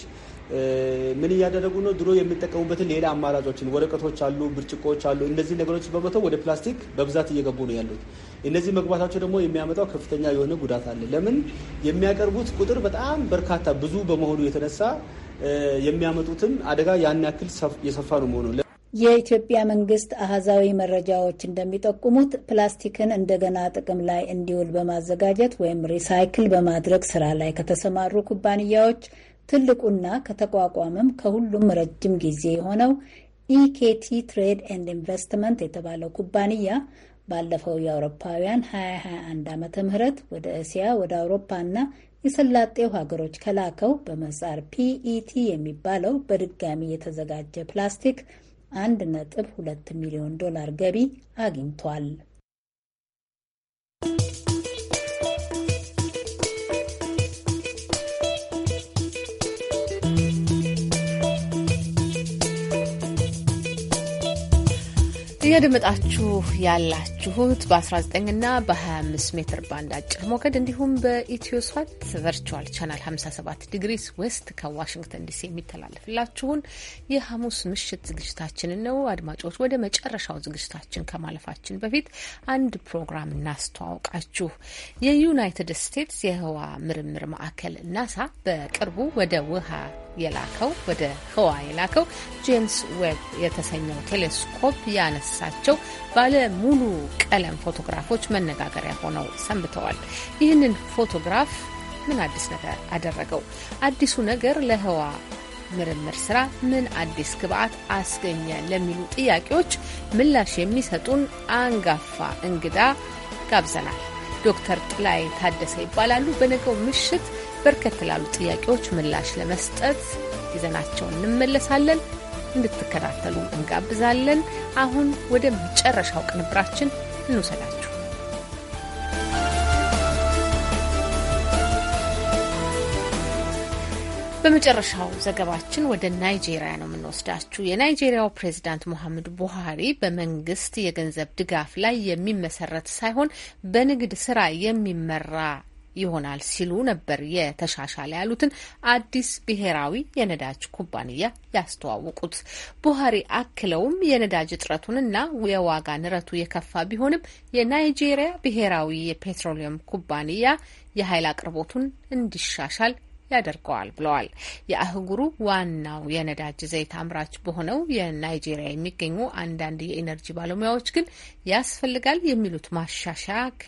ምን እያደረጉ ነው? ድሮ የሚጠቀሙበትን ሌላ አማራጮችን ወረቀቶች አሉ፣ ብርጭቆዎች አሉ። እነዚህ ነገሮች በመተው ወደ ፕላስቲክ በብዛት እየገቡ ነው ያሉት። እነዚህ መግባታቸው ደግሞ የሚያመጣው ከፍተኛ የሆነ ጉዳት አለ። ለምን የሚያቀርቡት ቁጥር በጣም በርካታ ብዙ በመሆኑ የተነሳ የሚያመጡትም አደጋ ያን ያክል የሰፋ ነው መሆኑ የኢትዮጵያ መንግስት አሃዛዊ መረጃዎች እንደሚጠቁሙት ፕላስቲክን እንደገና ጥቅም ላይ እንዲውል በማዘጋጀት ወይም ሪሳይክል በማድረግ ስራ ላይ ከተሰማሩ ኩባንያዎች ትልቁና ከተቋቋመም ከሁሉም ረጅም ጊዜ የሆነው ኢኬቲ ትሬድ ኤንድ ኢንቨስትመንት የተባለው ኩባንያ ባለፈው የአውሮፓውያን 2021 ዓ ምህረት ወደ እስያ ወደ አውሮፓና የሰላጤው ሀገሮች ከላከው በመጻር ፒኢቲ የሚባለው በድጋሚ የተዘጋጀ ፕላስቲክ አንድ ነጥብ ሁለት ሚሊዮን ዶላር ገቢ አግኝቷል። እያደመጣችሁ ያላችሁት በ19 እና በ25 ሜትር ባንድ አጭር ሞገድ እንዲሁም በኢትዮሳት ቨርቹዋል ቻናል 57 ዲግሪስ ዌስት ከዋሽንግተን ዲሲ የሚተላለፍላችሁን የሐሙስ ምሽት ዝግጅታችንን ነው። አድማጮች፣ ወደ መጨረሻው ዝግጅታችን ከማለፋችን በፊት አንድ ፕሮግራም እናስተዋውቃችሁ። የዩናይትድ ስቴትስ የህዋ ምርምር ማዕከል ናሳ በቅርቡ ወደ ውሃ የላከው ወደ ህዋ የላከው ጄምስ ዌብ የተሰኘው ቴሌስኮፕ ያነሳቸው ባለ ሙሉ ቀለም ፎቶግራፎች መነጋገሪያ ሆነው ሰንብተዋል። ይህንን ፎቶግራፍ ምን አዲስ ነገር አደረገው? አዲሱ ነገር ለህዋ ምርምር ስራ ምን አዲስ ግብዓት አስገኘ? ለሚሉ ጥያቄዎች ምላሽ የሚሰጡን አንጋፋ እንግዳ ጋብዘናል። ዶክተር ጥላይ ታደሰ ይባላሉ። በነገው ምሽት በርከት ላሉ ጥያቄዎች ምላሽ ለመስጠት ይዘናቸውን እንመለሳለን። እንድትከታተሉ እንጋብዛለን። አሁን ወደ መጨረሻው ቅንብራችን እንውሰዳችሁ። በመጨረሻው ዘገባችን ወደ ናይጄሪያ ነው የምንወስዳችሁ። የናይጄሪያው ፕሬዚዳንት ሙሐመድ ቡሃሪ በመንግስት የገንዘብ ድጋፍ ላይ የሚመሰረት ሳይሆን በንግድ ስራ የሚመራ ይሆናል ሲሉ ነበር የተሻሻለ ያሉትን አዲስ ብሔራዊ የነዳጅ ኩባንያ ያስተዋወቁት። ቡሃሪ አክለውም የነዳጅ እጥረቱንና የዋጋ ንረቱ የከፋ ቢሆንም የናይጄሪያ ብሔራዊ የፔትሮሊየም ኩባንያ የኃይል አቅርቦቱን እንዲሻሻል ያደርገዋል ብለዋል። የአህጉሩ ዋናው የነዳጅ ዘይት አምራች በሆነው የናይጄሪያ የሚገኙ አንዳንድ የኢነርጂ ባለሙያዎች ግን ያስፈልጋል የሚሉት ማሻሻያ ከ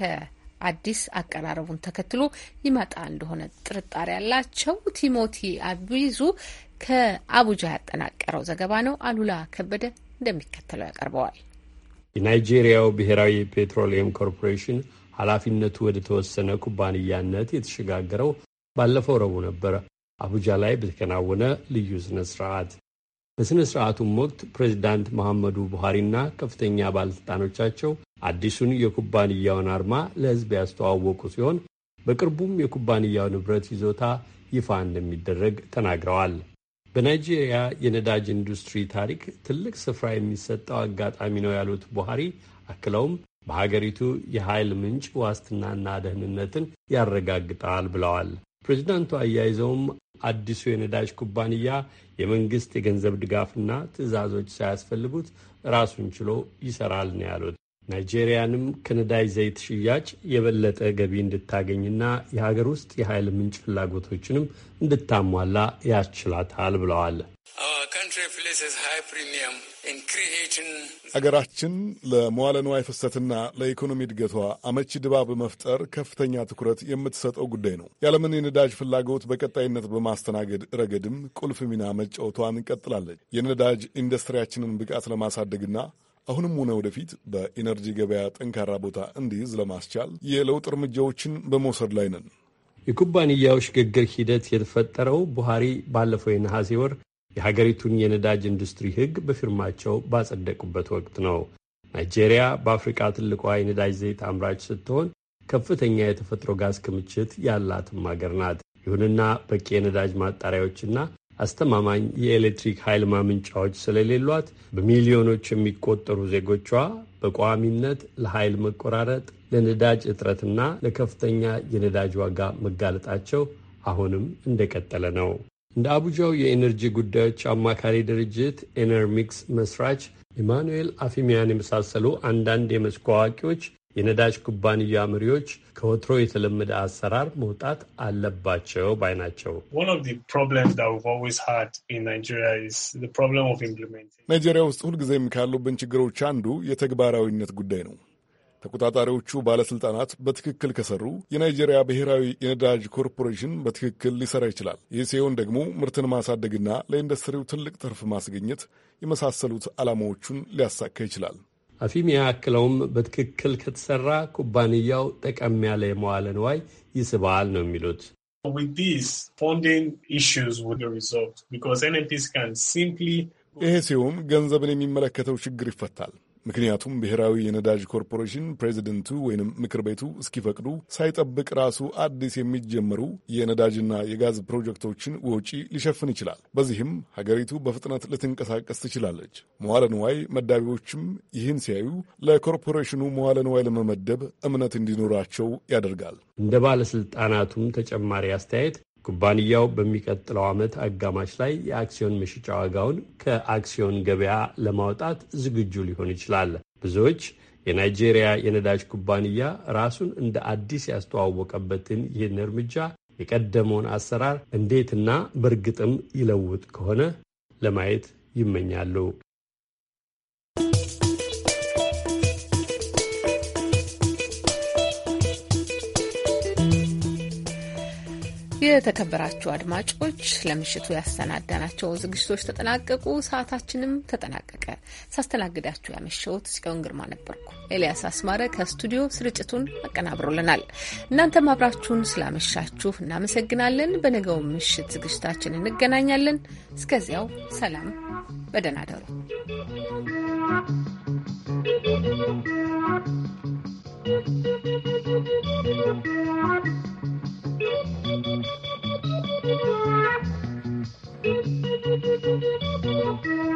አዲስ አቀራረቡን ተከትሎ ይመጣ እንደሆነ ጥርጣሬ ያላቸው ቲሞቲ አቢዙ ከአቡጃ ያጠናቀረው ዘገባ ነው። አሉላ ከበደ እንደሚከተለው ያቀርበዋል። የናይጄሪያው ብሔራዊ ፔትሮሊየም ኮርፖሬሽን ኃላፊነቱ ወደ ተወሰነ ኩባንያነት የተሸጋገረው ባለፈው ረቡዕ ነበር አቡጃ ላይ በተከናወነ ልዩ ስነ ስርዓት። በሥነ ሥርዓቱም ወቅት ፕሬዚዳንት መሐመዱ ቡሃሪና ከፍተኛ ባለሥልጣኖቻቸው አዲሱን የኩባንያውን አርማ ለሕዝብ ያስተዋወቁ ሲሆን በቅርቡም የኩባንያው ንብረት ይዞታ ይፋ እንደሚደረግ ተናግረዋል። በናይጄሪያ የነዳጅ ኢንዱስትሪ ታሪክ ትልቅ ስፍራ የሚሰጠው አጋጣሚ ነው ያሉት ቡሃሪ አክለውም በሀገሪቱ የኃይል ምንጭ ዋስትናና ደህንነትን ያረጋግጣል ብለዋል። ፕሬዚዳንቱ አያይዘውም አዲሱ የነዳጅ ኩባንያ የመንግስት የገንዘብ ድጋፍና ትዕዛዞች ሳያስፈልጉት ራሱን ችሎ ይሰራል ነው ያሉት። ናይጄሪያንም ከነዳጅ ዘይት ሽያጭ የበለጠ ገቢ እንድታገኝና የሀገር ውስጥ የኃይል ምንጭ ፍላጎቶችንም እንድታሟላ ያስችላታል ብለዋል። አገራችን ለመዋለ ንዋይ ፍሰትና ለኢኮኖሚ እድገቷ አመቺ ድባብ መፍጠር ከፍተኛ ትኩረት የምትሰጠው ጉዳይ ነው። ያለምን የነዳጅ ፍላጎት በቀጣይነት በማስተናገድ ረገድም ቁልፍ ሚና መጫወቷን እንቀጥላለች። የነዳጅ ኢንዱስትሪያችንን ብቃት ለማሳደግና አሁንም ሆነ ወደፊት በኢነርጂ ገበያ ጠንካራ ቦታ እንዲይዝ ለማስቻል የለውጥ እርምጃዎችን በመውሰድ ላይ ነን። የኩባንያው ሽግግር ሂደት የተፈጠረው ቡሃሪ ባለፈው የነሐሴ ወር የሀገሪቱን የነዳጅ ኢንዱስትሪ ሕግ በፊርማቸው ባጸደቁበት ወቅት ነው። ናይጄሪያ በአፍሪቃ ትልቋ የነዳጅ ዘይት አምራች ስትሆን ከፍተኛ የተፈጥሮ ጋዝ ክምችት ያላትም ሀገር ናት። ይሁንና በቂ የነዳጅ ማጣሪያዎችና አስተማማኝ የኤሌክትሪክ ኃይል ማምንጫዎች ስለሌሏት በሚሊዮኖች የሚቆጠሩ ዜጎቿ በቋሚነት ለኃይል መቆራረጥ፣ ለነዳጅ እጥረትና ለከፍተኛ የነዳጅ ዋጋ መጋለጣቸው አሁንም እንደቀጠለ ነው። እንደ አቡጃው የኤነርጂ ጉዳዮች አማካሪ ድርጅት ኤነርሚክስ መስራች ኢማኑኤል አፊሚያን የመሳሰሉ አንዳንድ የመስኩ አዋቂዎች የነዳጅ ኩባንያ መሪዎች ከወትሮ የተለመደ አሰራር መውጣት አለባቸው ባይ ናቸው። ናይጄሪያ ውስጥ ሁልጊዜም ካሉብን ችግሮች አንዱ የተግባራዊነት ጉዳይ ነው። ተቆጣጣሪዎቹ ባለስልጣናት በትክክል ከሰሩ የናይጄሪያ ብሔራዊ የነዳጅ ኮርፖሬሽን በትክክል ሊሰራ ይችላል። ይህ ሲሆን ደግሞ ምርትን ማሳደግና ለኢንዱስትሪው ትልቅ ትርፍ ማስገኘት የመሳሰሉት ዓላማዎቹን ሊያሳካ ይችላል። አፊሚያ አክለውም በትክክል ከተሰራ ኩባንያው ጠቀም ያለ የመዋለ ንዋይ ይስባል ነው የሚሉት። ይሄ ሲሆን ገንዘብን የሚመለከተው ችግር ይፈታል። ምክንያቱም ብሔራዊ የነዳጅ ኮርፖሬሽን ፕሬዚደንቱ ወይንም ምክር ቤቱ እስኪፈቅዱ ሳይጠብቅ ራሱ አዲስ የሚጀመሩ የነዳጅና የጋዝ ፕሮጀክቶችን ወጪ ሊሸፍን ይችላል። በዚህም ሀገሪቱ በፍጥነት ልትንቀሳቀስ ትችላለች። መዋለ ንዋይ መዳቢዎችም ይህን ሲያዩ ለኮርፖሬሽኑ መዋለ ንዋይ ለመመደብ እምነት እንዲኖራቸው ያደርጋል። እንደ ባለስልጣናቱም ተጨማሪ አስተያየት ኩባንያው በሚቀጥለው ዓመት አጋማሽ ላይ የአክሲዮን መሸጫ ዋጋውን ከአክሲዮን ገበያ ለማውጣት ዝግጁ ሊሆን ይችላል። ብዙዎች የናይጄሪያ የነዳጅ ኩባንያ ራሱን እንደ አዲስ ያስተዋወቀበትን ይህን እርምጃ የቀደመውን አሰራር እንዴትና በእርግጥም ይለውጥ ከሆነ ለማየት ይመኛሉ። የተከበራችሁ አድማጮች ለምሽቱ ያሰናዳናቸው ዝግጅቶች ተጠናቀቁ። ሰዓታችንም ተጠናቀቀ። ሳስተናግዳችሁ ያመሸሁት ጽዮን ግርማ ነበርኩ። ኤልያስ አስማረ ከስቱዲዮ ስርጭቱን አቀናብሮልናል። እናንተም አብራችሁን ስላመሻችሁ እናመሰግናለን። በነገው ምሽት ዝግጅታችን እንገናኛለን። እስከዚያው ሰላም፣ በደህና ደሩ። Thank you.